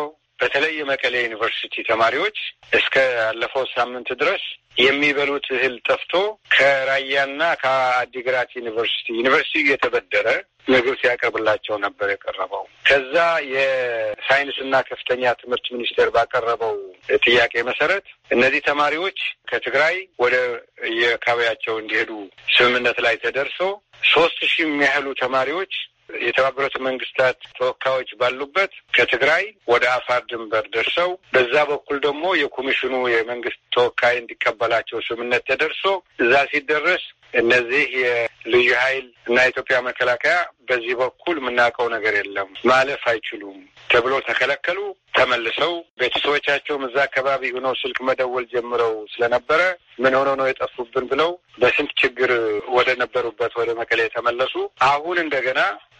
በተለይ የመቀሌ ዩኒቨርሲቲ ተማሪዎች እስከ አለፈው ሳምንት ድረስ የሚበሉት እህል ጠፍቶ ከራያና ከአዲግራት ዩኒቨርሲቲ ዩኒቨርሲቲ የተበደረ ምግብ ሲያቀርብላቸው ነበር የቀረበው። ከዛ የሳይንስና ከፍተኛ ትምህርት ሚኒስቴር ባቀረበው ጥያቄ መሰረት እነዚህ ተማሪዎች ከትግራይ ወደ የአካባቢያቸው እንዲሄዱ ስምምነት ላይ ተደርሶ ሶስት ሺህ የሚያህሉ ተማሪዎች የተባበሩት መንግስታት ተወካዮች ባሉበት ከትግራይ ወደ አፋር ድንበር ደርሰው በዛ በኩል ደግሞ የኮሚሽኑ የመንግስት ተወካይ እንዲቀበላቸው ስምነት ተደርሶ እዛ ሲደረስ እነዚህ የልዩ ኃይል እና የኢትዮጵያ መከላከያ በዚህ በኩል የምናውቀው ነገር የለም ማለፍ አይችሉም ተብሎ ተከለከሉ። ተመልሰው ቤተሰቦቻቸውም እዛ አካባቢ ሆነው ስልክ መደወል ጀምረው ስለነበረ ምን ሆኖ ነው የጠፉብን ብለው በስንት ችግር ወደ ነበሩበት ወደ መቀሌ ተመለሱ። አሁን እንደገና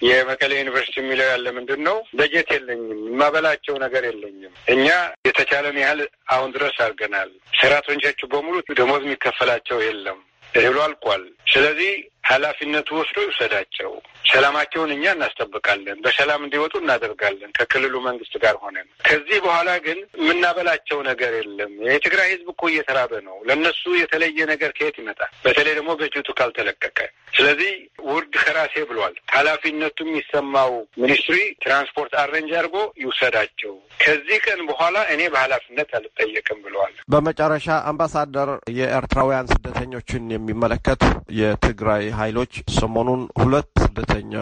የመቀሌ ዩኒቨርሲቲ የሚለው ያለ ምንድን ነው? በጀት የለኝም፣ የማበላቸው ነገር የለኝም። እኛ የተቻለን ያህል አሁን ድረስ አድርገናል። ሰራተኞቻችሁ በሙሉ ደሞዝ የሚከፈላቸው የለም፣ እህሉ አልቋል። ስለዚህ ኃላፊነቱ ወስዶ ይውሰዳቸው። ሰላማቸውን እኛ እናስጠብቃለን፣ በሰላም እንዲወጡ እናደርጋለን ከክልሉ መንግስት ጋር ሆነን። ከዚህ በኋላ ግን የምናበላቸው ነገር የለም። የትግራይ ህዝብ እኮ እየተራበ ነው። ለእነሱ የተለየ ነገር ከየት ይመጣል? በተለይ ደግሞ በጅቱ ካልተለቀቀ። ስለዚህ ውርድ ከራሴ ብሏል። ኃላፊነቱም የሚሰማው ሚኒስትሪ ትራንስፖርት አረንጅ አድርጎ ይውሰዳቸው። ከዚህ ቀን በኋላ እኔ በኃላፊነት አልጠየቅም ብለዋል። በመጨረሻ አምባሳደር የኤርትራውያን ስደተኞችን የሚመለከት የትግራይ ኃይሎች ሰሞኑን ሁለት ስደተኛ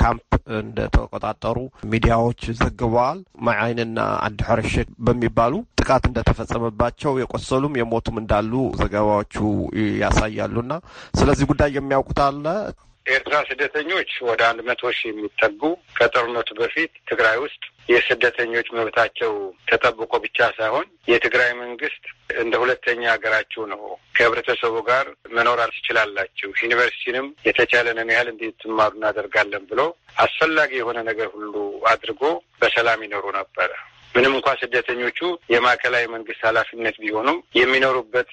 ካምፕ እንደተቆጣጠሩ ሚዲያዎች ዘግበዋል። ማይዓይንና አዲ ሐርሽ በሚባሉ ጥቃት እንደተፈጸመባቸው የቆሰሉም የሞቱም እንዳሉ ዘገባዎቹ ያሳያሉና ስለዚህ ጉዳይ የሚያውቁት አለ? ኤርትራ ስደተኞች ወደ አንድ መቶ ሺህ የሚጠጉ ከጦርነቱ በፊት ትግራይ ውስጥ የስደተኞች መብታቸው ተጠብቆ ብቻ ሳይሆን የትግራይ መንግስት እንደ ሁለተኛ ሀገራችሁ ነው፣ ከህብረተሰቡ ጋር መኖር ትችላላችሁ፣ ዩኒቨርሲቲንም የተቻለንን ያህል እንድትማሩ እናደርጋለን ብሎ አስፈላጊ የሆነ ነገር ሁሉ አድርጎ በሰላም ይኖሩ ነበረ። ምንም እንኳ ስደተኞቹ የማዕከላዊ መንግስት ኃላፊነት ቢሆኑም የሚኖሩበት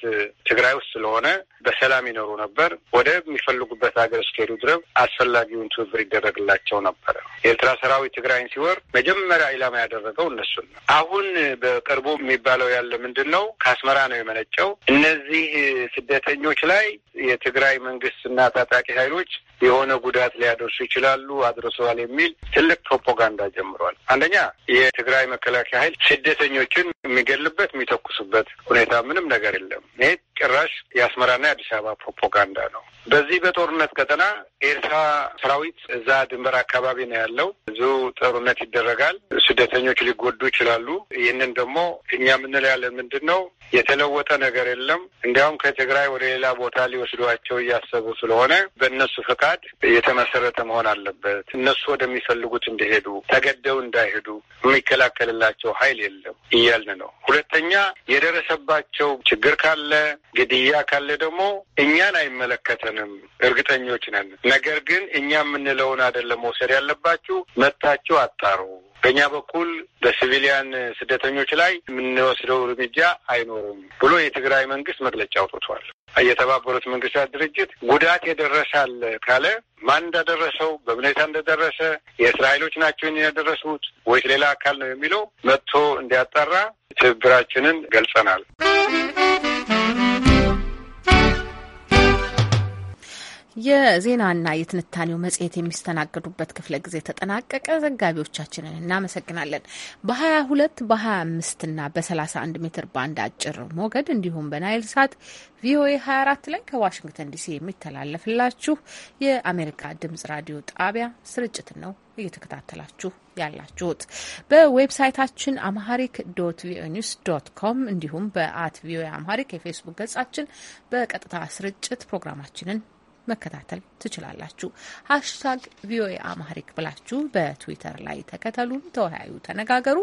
ትግራይ ውስጥ ስለሆነ በሰላም ይኖሩ ነበር። ወደ የሚፈልጉበት ሀገር እስከሄዱ ድረስ አስፈላጊውን ትብብር ይደረግላቸው ነበረ። የኤርትራ ሰራዊት ትግራይን ሲወር መጀመሪያ ኢላማ ያደረገው እነሱን ነው። አሁን በቅርቡ የሚባለው ያለ ምንድን ነው? ከአስመራ ነው የመነጨው። እነዚህ ስደተኞች ላይ የትግራይ መንግስትና ታጣቂ ኃይሎች የሆነ ጉዳት ሊያደርሱ ይችላሉ፣ አድርሰዋል የሚል ትልቅ ፕሮፓጋንዳ ጀምሯል። አንደኛ የትግራይ መከላከያ ኃይል ስደተኞችን የሚገልበት የሚተኩስበት ሁኔታ ምንም ነገር የለም። ይሄ ጭራሽ የአስመራና የአዲስ አበባ ፕሮፓጋንዳ ነው። በዚህ በጦርነት ቀጠና ኤርትራ ሰራዊት እዛ ድንበር አካባቢ ነው ያለው። ብዙ ጦርነት ይደረጋል። ስደተኞች ሊጎዱ ይችላሉ። ይህንን ደግሞ እኛ የምንለው ያለ ምንድን ነው የተለወጠ ነገር የለም። እንዲያውም ከትግራይ ወደ ሌላ ቦታ ሊወስዷቸው እያሰቡ ስለሆነ በእነሱ ፈቃድ ፈቃድ የተመሰረተ መሆን አለበት። እነሱ ወደሚፈልጉት እንዲሄዱ ተገደው እንዳይሄዱ የሚከላከልላቸው ኃይል የለም እያልን ነው። ሁለተኛ የደረሰባቸው ችግር ካለ ግድያ ካለ ደግሞ እኛን አይመለከተንም፣ እርግጠኞች ነን። ነገር ግን እኛ የምንለውን አይደለም መውሰድ ያለባችሁ፣ መጥታችሁ አጣሩ በእኛ በኩል በሲቪሊያን ስደተኞች ላይ የምንወስደው እርምጃ አይኖርም ብሎ የትግራይ መንግስት መግለጫ አውጥቷል። የተባበሩት መንግስታት ድርጅት ጉዳት የደረሳል ካለ ማን እንዳደረሰው በምን ሁኔታ እንደደረሰ የእስራኤሎች ናቸው ያደረሱት ወይስ ሌላ አካል ነው የሚለው መጥቶ እንዲያጣራ ትብብራችንን ገልጸናል። የዜናና የትንታኔው መጽሔት የሚስተናገዱበት ክፍለ ጊዜ ተጠናቀቀ። ዘጋቢዎቻችንን እናመሰግናለን። በ22 በ25ና በ31 ሜትር ባንድ አጭር ሞገድ እንዲሁም በናይል ሳት ቪኦኤ 24 ላይ ከዋሽንግተን ዲሲ የሚተላለፍላችሁ የአሜሪካ ድምጽ ራዲዮ ጣቢያ ስርጭትን ነው እየተከታተላችሁ ያላችሁት። በዌብሳይታችን አምሃሪክ ዶት ቪኦኤ ኒውስ ዶት ኮም እንዲሁም በአት ቪኦኤ አምሃሪክ የፌስቡክ ገጻችን በቀጥታ ስርጭት ፕሮግራማችንን መከታተል ትችላላችሁ። ሀሽታግ ቪኦኤ አማሪክ ብላችሁ በትዊተር ላይ ተከተሉን፣ ተወያዩ፣ ተነጋገሩ።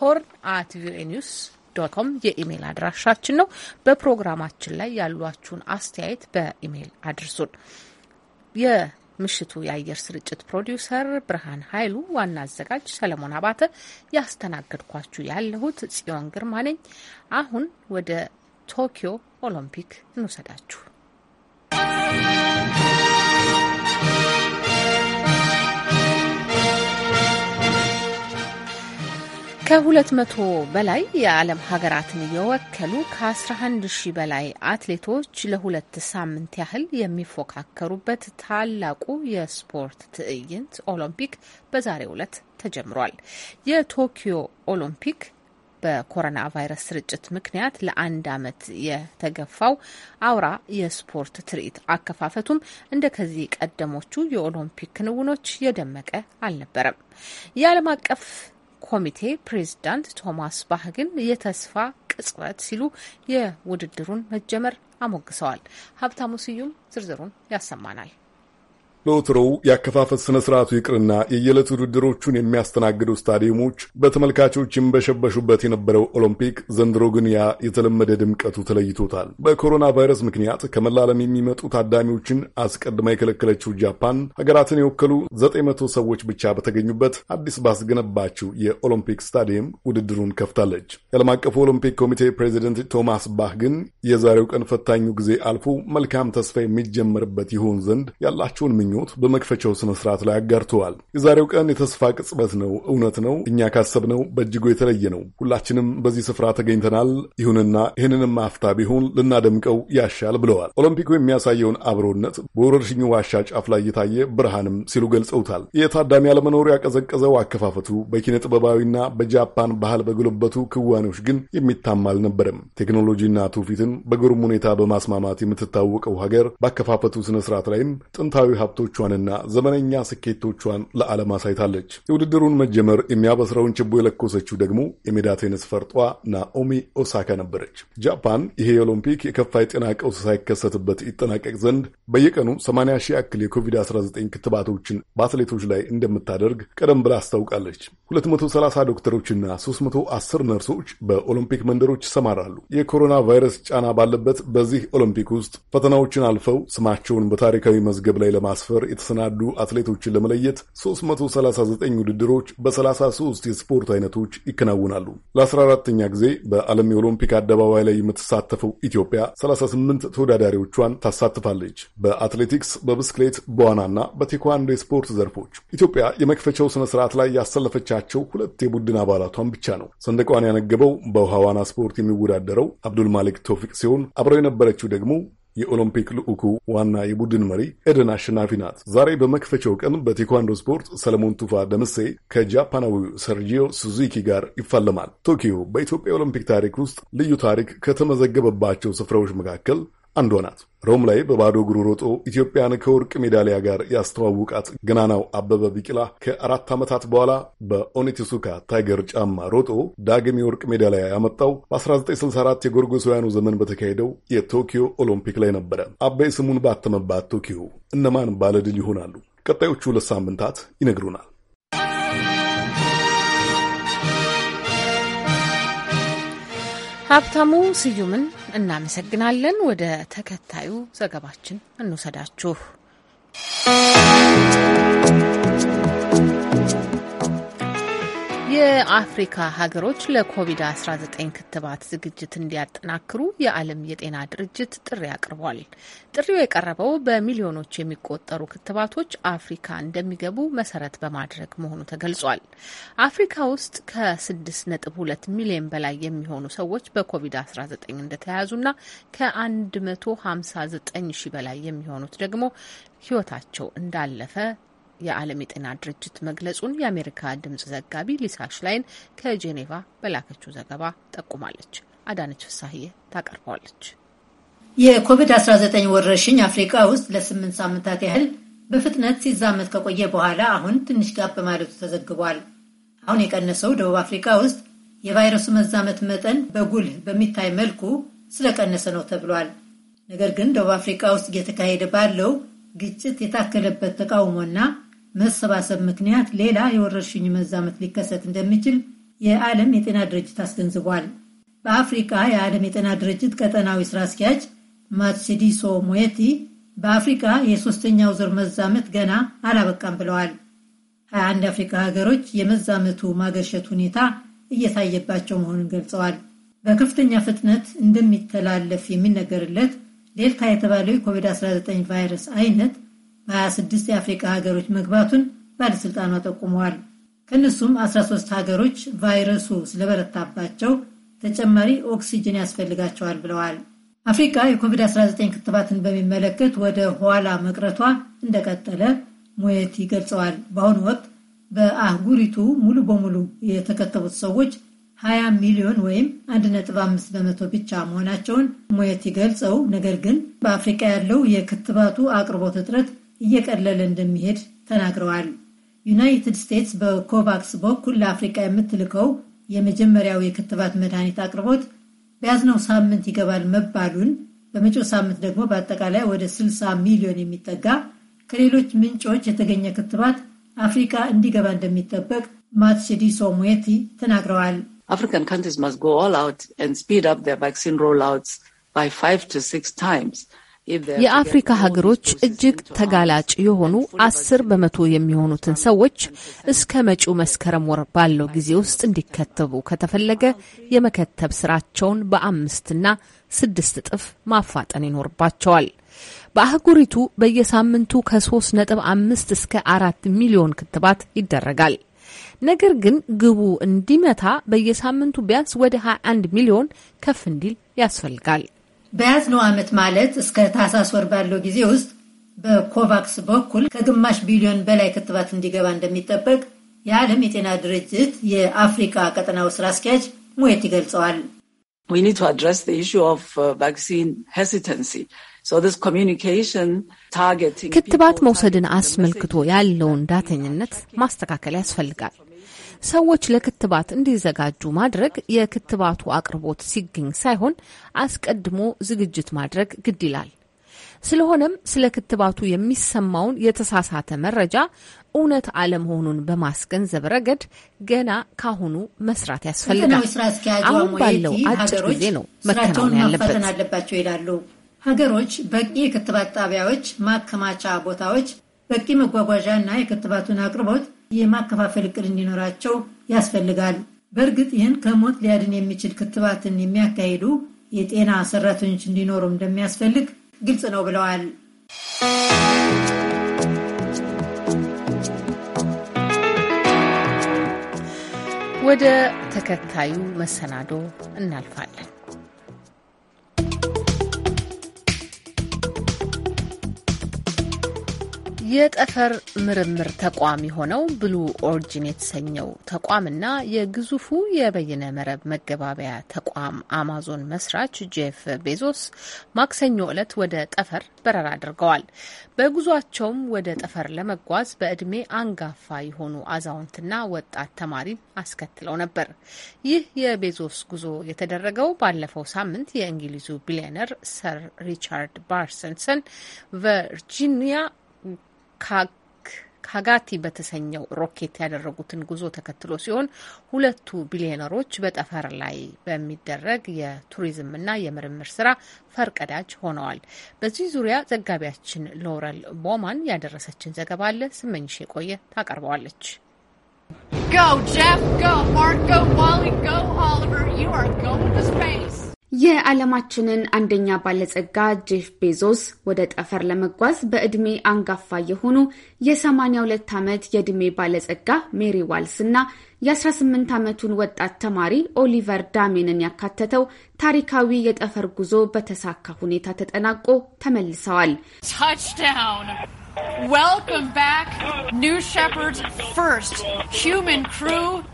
ሆርን አት ቪኦኤ ኒውስ ዶት ኮም የኢሜይል አድራሻችን ነው። በፕሮግራማችን ላይ ያሏችሁን አስተያየት በኢሜይል አድርሱን። የምሽቱ የአየር ስርጭት ፕሮዲውሰር ብርሃን ኃይሉ፣ ዋና አዘጋጅ ሰለሞን አባተ፣ ያስተናገድኳችሁ ያለሁት ጽዮን ግርማ ነኝ። አሁን ወደ ቶኪዮ ኦሎምፒክ እንውሰዳችሁ። ከ200 በላይ የዓለም ሀገራትን እየወከሉ ከ11 ሺህ በላይ አትሌቶች ለሁለት ሳምንት ያህል የሚፎካከሩበት ታላቁ የስፖርት ትዕይንት ኦሎምፒክ በዛሬው ዕለት ተጀምሯል። የቶኪዮ ኦሎምፒክ በኮሮና ቫይረስ ስርጭት ምክንያት ለአንድ ዓመት የተገፋው አውራ የስፖርት ትርኢት አከፋፈቱም እንደ ከዚህ ቀደሞቹ የኦሎምፒክ ክንውኖች የደመቀ አልነበረም። የዓለም አቀፍ ኮሚቴ ፕሬዝዳንት ቶማስ ባህ ግን የተስፋ ቅጽበት ሲሉ የውድድሩን መጀመር አሞግሰዋል። ሀብታሙ ስዩም ዝርዝሩን ያሰማናል። ለወትሮው የአከፋፈት ስነ ስርዓቱ ይቅርና የየዕለት ውድድሮቹን የሚያስተናግዱ ስታዲየሞች በተመልካቾች ይንበሸበሹበት የነበረው ኦሎምፒክ ዘንድሮ ግን ያ የተለመደ ድምቀቱ ተለይቶታል። በኮሮና ቫይረስ ምክንያት ከመላ ዓለም የሚመጡ ታዳሚዎችን አስቀድማ የከለከለችው ጃፓን ሀገራትን የወከሉ ዘጠኝ መቶ ሰዎች ብቻ በተገኙበት አዲስ ባስገነባችው የኦሎምፒክ ስታዲየም ውድድሩን ከፍታለች። የዓለም አቀፉ ኦሎምፒክ ኮሚቴ ፕሬዚደንት ቶማስ ባህ ግን የዛሬው ቀን ፈታኙ ጊዜ አልፎ መልካም ተስፋ የሚጀመርበት ይሆን ዘንድ ያላቸውን ምኞ ምኞት በመክፈቻው ስነ ስርዓት ላይ አጋርተዋል። የዛሬው ቀን የተስፋ ቅጽበት ነው። እውነት ነው፣ እኛ ካሰብነው በእጅጉ የተለየ ነው። ሁላችንም በዚህ ስፍራ ተገኝተናል። ይሁንና ይህንንም አፍታ ቢሆን ልናደምቀው ያሻል ብለዋል። ኦሎምፒኩ የሚያሳየውን አብሮነት በወረርሽኙ ዋሻ ጫፍ ላይ የታየ ብርሃንም ሲሉ ገልጸውታል። የታዳሚ አለመኖሩ ያቀዘቀዘው አከፋፈቱ በኪነ ጥበባዊና በጃፓን ባህል በጎለበቱ ክዋኔዎች ግን የሚታማ አልነበረም። ቴክኖሎጂና ትውፊትን በግሩም ሁኔታ በማስማማት የምትታወቀው ሀገር ባከፋፈቱ ስነ ስርዓት ላይም ጥንታዊ ሀብቶ ሀብቶቿንና ዘመነኛ ስኬቶቿን ለዓለም አሳይታለች። የውድድሩን መጀመር የሚያበስረውን ችቦ የለኮሰችው ደግሞ የሜዳ ቴኒስ ፈርጧ ናኦሚ ኦሳካ ነበረች። ጃፓን ይሄ የኦሎምፒክ የከፋ የጤና ቀውስ ሳይከሰትበት ይጠናቀቅ ዘንድ በየቀኑ 80 ሺህ ያክል የኮቪድ-19 ክትባቶችን በአትሌቶች ላይ እንደምታደርግ ቀደም ብላ አስታውቃለች። 230 ዶክተሮችና 310 ነርሶች በኦሎምፒክ መንደሮች ይሰማራሉ። የኮሮና ቫይረስ ጫና ባለበት በዚህ ኦሎምፒክ ውስጥ ፈተናዎችን አልፈው ስማቸውን በታሪካዊ መዝገብ ላይ ለማስፈ ለማስፈር የተሰናዱ አትሌቶችን ለመለየት 339 ውድድሮች በ33 የስፖርት አይነቶች ይከናውናሉ። ለ14ተኛ ጊዜ በዓለም የኦሎምፒክ አደባባይ ላይ የምትሳተፈው ኢትዮጵያ 38 ተወዳዳሪዎቿን ታሳትፋለች። በአትሌቲክስ፣ በብስክሌት፣ በዋናና በቴኳንዶ የስፖርት ዘርፎች ኢትዮጵያ የመክፈቻው ስነ ስርዓት ላይ ያሰለፈቻቸው ሁለት የቡድን አባላቷን ብቻ ነው። ሰንደቋን ያነገበው በውሃ ዋና ስፖርት የሚወዳደረው አብዱል ማሊክ ቶፊቅ ሲሆን አብረው የነበረችው ደግሞ የኦሎምፒክ ልዑኩ ዋና የቡድን መሪ ኤደን አሸናፊ ናት። ዛሬ በመክፈቻው ቀን በቴኳንዶ ስፖርት ሰለሞን ቱፋ ደምሴ ከጃፓናዊው ሰርጂዮ ሱዙኪ ጋር ይፋለማል። ቶኪዮ በኢትዮጵያ ኦሎምፒክ ታሪክ ውስጥ ልዩ ታሪክ ከተመዘገበባቸው ስፍራዎች መካከል አንዷ ናት። ሮም ላይ በባዶ እግሩ ሮጦ ኢትዮጵያን ከወርቅ ሜዳሊያ ጋር ያስተዋውቃት ገናናው አበበ ቢቂላ ከአራት ዓመታት በኋላ በኦኔቲሱካ ታይገር ጫማ ሮጦ ዳግም የወርቅ ሜዳሊያ ያመጣው በ1964 የጎርጎሳውያኑ ዘመን በተካሄደው የቶኪዮ ኦሎምፒክ ላይ ነበረ። አበይ ስሙን ባተመባት ቶኪዮ እነማን ባለድል ይሆናሉ? ቀጣዮቹ ሁለት ሳምንታት ይነግሩናል። ሀብታሙ ስዩምን እናመሰግናለን። ወደ ተከታዩ ዘገባችን እንውሰዳችሁ። የአፍሪካ ሀገሮች ለኮቪድ-19 ክትባት ዝግጅት እንዲያጠናክሩ የዓለም የጤና ድርጅት ጥሪ አቅርቧል። ጥሪው የቀረበው በሚሊዮኖች የሚቆጠሩ ክትባቶች አፍሪካ እንደሚገቡ መሰረት በማድረግ መሆኑ ተገልጿል። አፍሪካ ውስጥ ከ6.2 ሚሊዮን በላይ የሚሆኑ ሰዎች በኮቪድ-19 እንደተያያዙና ከ159 ሺህ በላይ የሚሆኑት ደግሞ ሕይወታቸው እንዳለፈ የዓለም የጤና ድርጅት መግለጹን የአሜሪካ ድምጽ ዘጋቢ ሊሳሽ ላይን ከጄኔቫ በላከችው ዘገባ ጠቁማለች። አዳነች ፍሳህዬ ታቀርበዋለች። የኮቪድ-19 ወረርሽኝ አፍሪካ ውስጥ ለስምንት ሳምንታት ያህል በፍጥነት ሲዛመት ከቆየ በኋላ አሁን ትንሽ ጋብ በማለቱ ተዘግቧል። አሁን የቀነሰው ደቡብ አፍሪካ ውስጥ የቫይረሱ መዛመት መጠን በጉልህ በሚታይ መልኩ ስለቀነሰ ነው ተብሏል። ነገር ግን ደቡብ አፍሪካ ውስጥ እየተካሄደ ባለው ግጭት የታከለበት ተቃውሞና መሰባሰብ ምክንያት ሌላ የወረርሽኝ መዛመት ሊከሰት እንደሚችል የዓለም የጤና ድርጅት አስገንዝቧል። በአፍሪካ የዓለም የጤና ድርጅት ቀጠናዊ ስራ አስኪያጅ ማትሲዲሶ ሞየቲ በአፍሪካ የሶስተኛው ዙር መዛመት ገና አላበቃም ብለዋል። 21 አፍሪካ ሀገሮች የመዛመቱ ማገርሸት ሁኔታ እየታየባቸው መሆኑን ገልጸዋል። በከፍተኛ ፍጥነት እንደሚተላለፍ የሚነገርለት ዴልታ የተባለው የኮቪድ-19 ቫይረስ አይነት 26 የአፍሪካ ሀገሮች መግባቱን ባለሥልጣኗ ጠቁመዋል። ከእነሱም 13 ሀገሮች ቫይረሱ ስለበረታባቸው ተጨማሪ ኦክሲጅን ያስፈልጋቸዋል ብለዋል። አፍሪካ የኮቪድ-19 ክትባትን በሚመለከት ወደ ኋላ መቅረቷ እንደቀጠለ ሙየት ይገልጸዋል። በአሁኑ ወቅት በአህጉሪቱ ሙሉ በሙሉ የተከተቡት ሰዎች 20 ሚሊዮን ወይም 1.5 በመቶ ብቻ መሆናቸውን ሙየት ይገልጸው፣ ነገር ግን በአፍሪካ ያለው የክትባቱ አቅርቦት እጥረት እየቀለለ እንደሚሄድ ተናግረዋል። ዩናይትድ ስቴትስ በኮቫክስ በኩል ለአፍሪቃ የምትልከው የመጀመሪያው የክትባት መድኃኒት አቅርቦት በያዝነው ሳምንት ይገባል መባሉን በመጪው ሳምንት ደግሞ በአጠቃላይ ወደ 60 ሚሊዮን የሚጠጋ ከሌሎች ምንጮች የተገኘ ክትባት አፍሪካ እንዲገባ እንደሚጠበቅ ማትሺዲሶ ሙየቲ ተናግረዋል። African countries ማስ go all out and speed up their vaccine rollouts by five to six times. የአፍሪካ ሀገሮች እጅግ ተጋላጭ የሆኑ አስር በመቶ የሚሆኑትን ሰዎች እስከ መጪው መስከረም ወር ባለው ጊዜ ውስጥ እንዲከተቡ ከተፈለገ የመከተብ ስራቸውን በአምስትና ስድስት እጥፍ ማፋጠን ይኖርባቸዋል። በአህጉሪቱ በየሳምንቱ ከሶስት ነጥብ አምስት እስከ አራት ሚሊዮን ክትባት ይደረጋል። ነገር ግን ግቡ እንዲመታ በየሳምንቱ ቢያንስ ወደ 21 ሚሊዮን ከፍ እንዲል ያስፈልጋል። በያዝነው ዓመት ማለት እስከ ታህሳስ ወር ባለው ጊዜ ውስጥ በኮቫክስ በኩል ከግማሽ ቢሊዮን በላይ ክትባት እንዲገባ እንደሚጠበቅ የዓለም የጤና ድርጅት የአፍሪካ ቀጠናው ስራ አስኪያጅ ሙየት ይገልጸዋል። uh, ክትባት መውሰድን አስመልክቶ ያለውን ዳተኝነት ማስተካከል ያስፈልጋል። ሰዎች ለክትባት እንዲዘጋጁ ማድረግ የክትባቱ አቅርቦት ሲገኝ ሳይሆን አስቀድሞ ዝግጅት ማድረግ ግድ ይላል። ስለሆነም ስለ ክትባቱ የሚሰማውን የተሳሳተ መረጃ እውነት አለመሆኑን በማስገንዘብ ረገድ ገና ካሁኑ መስራት ያስፈልጋል። አሁን ባለው አጭር ጊዜ ነው መከናወን ያለበት ይላሉ። ሀገሮች በቂ የክትባት ጣቢያዎች፣ ማከማቻ ቦታዎች፣ በቂ መጓጓዣ እና የክትባቱን አቅርቦት የማከፋፈል እቅድ እንዲኖራቸው ያስፈልጋል። በእርግጥ ይህን ከሞት ሊያድን የሚችል ክትባትን የሚያካሂዱ የጤና ሰራተኞች እንዲኖሩ እንደሚያስፈልግ ግልጽ ነው ብለዋል። ወደ ተከታዩ መሰናዶ እናልፋለን። የጠፈር ምርምር ተቋም የሆነው ብሉ ኦርጂን የተሰኘው ተቋምና የግዙፉ የበይነ መረብ መገባበያ ተቋም አማዞን መስራች ጄፍ ቤዞስ ማክሰኞ ዕለት ወደ ጠፈር በረራ አድርገዋል። በጉዟቸውም ወደ ጠፈር ለመጓዝ በዕድሜ አንጋፋ የሆኑ አዛውንትና ወጣት ተማሪን አስከትለው ነበር። ይህ የቤዞስ ጉዞ የተደረገው ባለፈው ሳምንት የእንግሊዙ ቢሊዮነር ሰር ሪቻርድ ባርሰንሰን ቨርጂኒያ ካጋቲ በተሰኘው ሮኬት ያደረጉትን ጉዞ ተከትሎ ሲሆን ሁለቱ ቢሊዮነሮች በጠፈር ላይ በሚደረግ የቱሪዝምና የምርምር ስራ ፈርቀዳጅ ሆነዋል። በዚህ ዙሪያ ዘጋቢያችን ሎረል ቦማን ያደረሰችን ዘገባ አለ። ስመኝሽ የቆየ ታቀርበዋለች። Go, Jeff, go, Mark, go, Wally, go, Oliver, you are going to space. የዓለማችንን አንደኛ ባለጸጋ ጄፍ ቤዞስ ወደ ጠፈር ለመጓዝ በዕድሜ አንጋፋ የሆኑ የ82 ዓመት የዕድሜ ባለጸጋ ሜሪ ዋልስ እና የ18 ዓመቱን ወጣት ተማሪ ኦሊቨር ዳሜንን ያካተተው ታሪካዊ የጠፈር ጉዞ በተሳካ ሁኔታ ተጠናቆ ተመልሰዋል።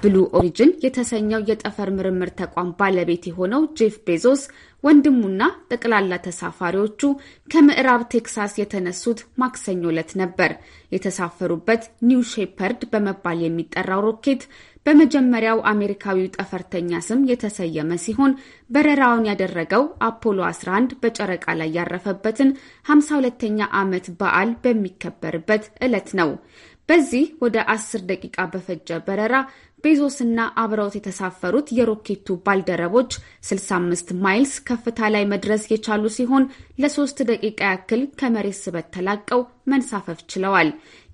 ብሉ ኦሪጅን የተሰኘው የጠፈር ምርምር ተቋም ባለቤት የሆነው ጄፍ ቤዞስ ወንድሙና ጠቅላላ ተሳፋሪዎቹ ከምዕራብ ቴክሳስ የተነሱት ማክሰኞ ዕለት ነበር። የተሳፈሩበት ኒው ሼፐርድ በመባል የሚጠራው ሮኬት በመጀመሪያው አሜሪካዊው ጠፈርተኛ ስም የተሰየመ ሲሆን በረራውን ያደረገው አፖሎ 11 በጨረቃ ላይ ያረፈበትን 52ኛ ዓመት በዓል በሚከበርበት ዕለት ነው። በዚህ ወደ 10 ደቂቃ በፈጀ በረራ ቤዞስና አብረውት የተሳፈሩት የሮኬቱ ባልደረቦች 65 ማይልስ ከፍታ ላይ መድረስ የቻሉ ሲሆን ለሶስት ደቂቃ ያክል ከመሬት ስበት ተላቀው መንሳፈፍ ችለዋል።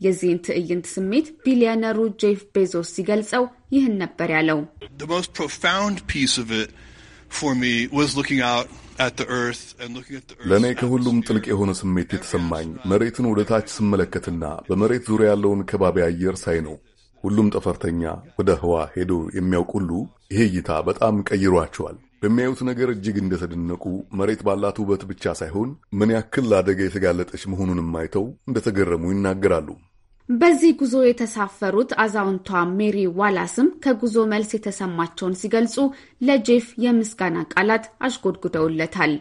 የዚህን ትዕይንት ስሜት ቢሊዮነሩ ጄፍ ቤዞስ ሲገልጸው ይህን ነበር ያለው። ለእኔ ከሁሉም ጥልቅ የሆነ ስሜት የተሰማኝ መሬትን ወደ ታች ስመለከትና በመሬት ዙሪያ ያለውን ከባቢ አየር ሳይ ነው። ሁሉም ጠፈርተኛ ወደ ህዋ ሄዶ የሚያውቅ ሁሉ ይሄ እይታ በጣም ቀይሯቸዋል። በሚያዩት ነገር እጅግ እንደተደነቁ መሬት ባላት ውበት ብቻ ሳይሆን ምን ያክል ለአደጋ የተጋለጠች መሆኑንም አይተው እንደተገረሙ ይናገራሉ። በዚህ ጉዞ የተሳፈሩት አዛውንቷ ሜሪ ዋላስም ከጉዞ መልስ የተሰማቸውን ሲገልጹ ለጄፍ የምስጋና ቃላት አሽጎድጉደውለታል።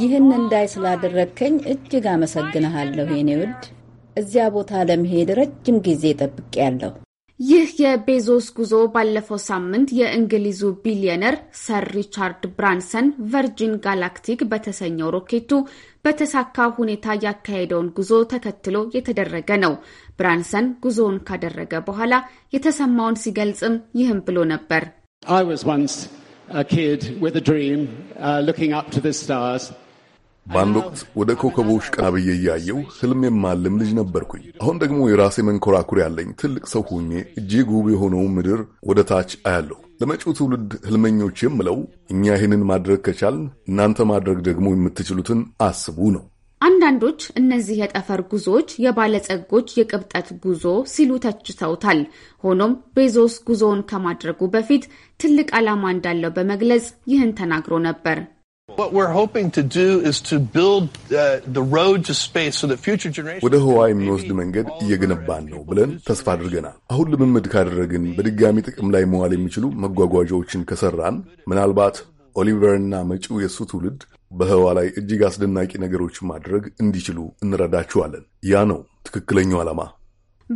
ይህን እንዳይ ስላደረግከኝ እጅግ አመሰግንሃለሁ የኔ ውድ። እዚያ ቦታ ለመሄድ ረጅም ጊዜ ጠብቄያለሁ። ይህ የቤዞስ ጉዞ ባለፈው ሳምንት የእንግሊዙ ቢሊዮነር ሰር ሪቻርድ ብራንሰን ቨርጂን ጋላክቲክ በተሰኘው ሮኬቱ በተሳካ ሁኔታ ያካሄደውን ጉዞ ተከትሎ የተደረገ ነው። ብራንሰን ጉዞውን ካደረገ በኋላ የተሰማውን ሲገልጽም ይህም ብሎ ነበር። በአንድ uh, ወቅት ወደ ኮከቦች ቀና ብዬ እያየው ህልም የማልም ልጅ ነበርኩኝ። አሁን ደግሞ የራሴ መንኮራኩር ያለኝ ትልቅ ሰው ሆኜ እጅግ ውብ የሆነው ምድር ወደ ታች አያለሁ። ለመጪው ትውልድ ህልመኞች የምለው እኛ ይህንን ማድረግ ከቻልን እናንተ ማድረግ ደግሞ የምትችሉትን አስቡ ነው። አንዳንዶች እነዚህ የጠፈር ጉዞዎች የባለጸጎች የቅብጠት ጉዞ ሲሉ ተችተውታል። ሆኖም ቤዞስ ጉዞውን ከማድረጉ በፊት ትልቅ ዓላማ እንዳለው በመግለጽ ይህን ተናግሮ ነበር። uh, ወደ ህዋ የሚወስድ መንገድ እየገነባን ነው ብለን ተስፋ አድርገናል። አሁን ልምምድ ካደረግን፣ በድጋሚ ጥቅም ላይ መዋል የሚችሉ መጓጓዣዎችን ከሰራን፣ ምናልባት ኦሊቨርና መጪው የእሱ ትውልድ በህዋ ላይ እጅግ አስደናቂ ነገሮች ማድረግ እንዲችሉ እንረዳችኋለን። ያ ነው ትክክለኛው ዓላማ።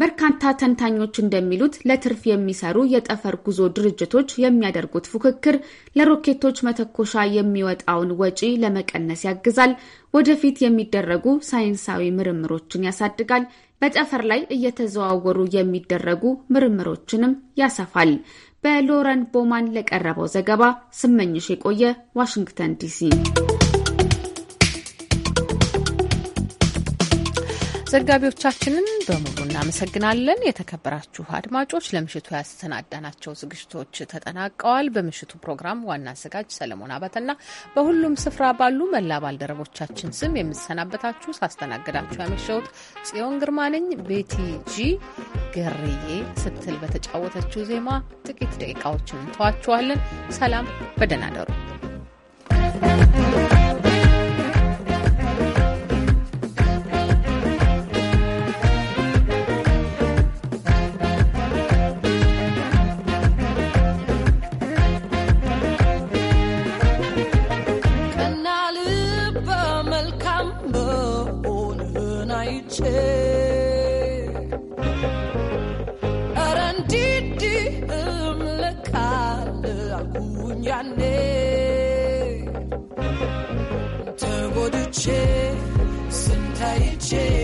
በርካታ ተንታኞች እንደሚሉት ለትርፍ የሚሰሩ የጠፈር ጉዞ ድርጅቶች የሚያደርጉት ፉክክር ለሮኬቶች መተኮሻ የሚወጣውን ወጪ ለመቀነስ ያግዛል፣ ወደፊት የሚደረጉ ሳይንሳዊ ምርምሮችን ያሳድጋል፣ በጠፈር ላይ እየተዘዋወሩ የሚደረጉ ምርምሮችንም ያሰፋል። በሎረን ቦማን ለቀረበው ዘገባ ስመኝሽ የቆየ ዋሽንግተን ዲሲ ዘጋቢዎቻችንን በሙሉ እናመሰግናለን። የተከበራችሁ አድማጮች ለምሽቱ ያሰናዳናቸው ዝግጅቶች ተጠናቀዋል። በምሽቱ ፕሮግራም ዋና አዘጋጅ ሰለሞን አባተና በሁሉም ስፍራ ባሉ መላ ባልደረቦቻችን ስም የምሰናበታችሁ ሳስተናግዳችሁ ያመሸሁት ጽዮን ግርማ ነኝ። ቤቲ ጂ ገርዬ ስትል በተጫወተችው ዜማ ጥቂት ደቂቃዎችን እንተዋችኋለን። ሰላም፣ በደህና ደሩ። change.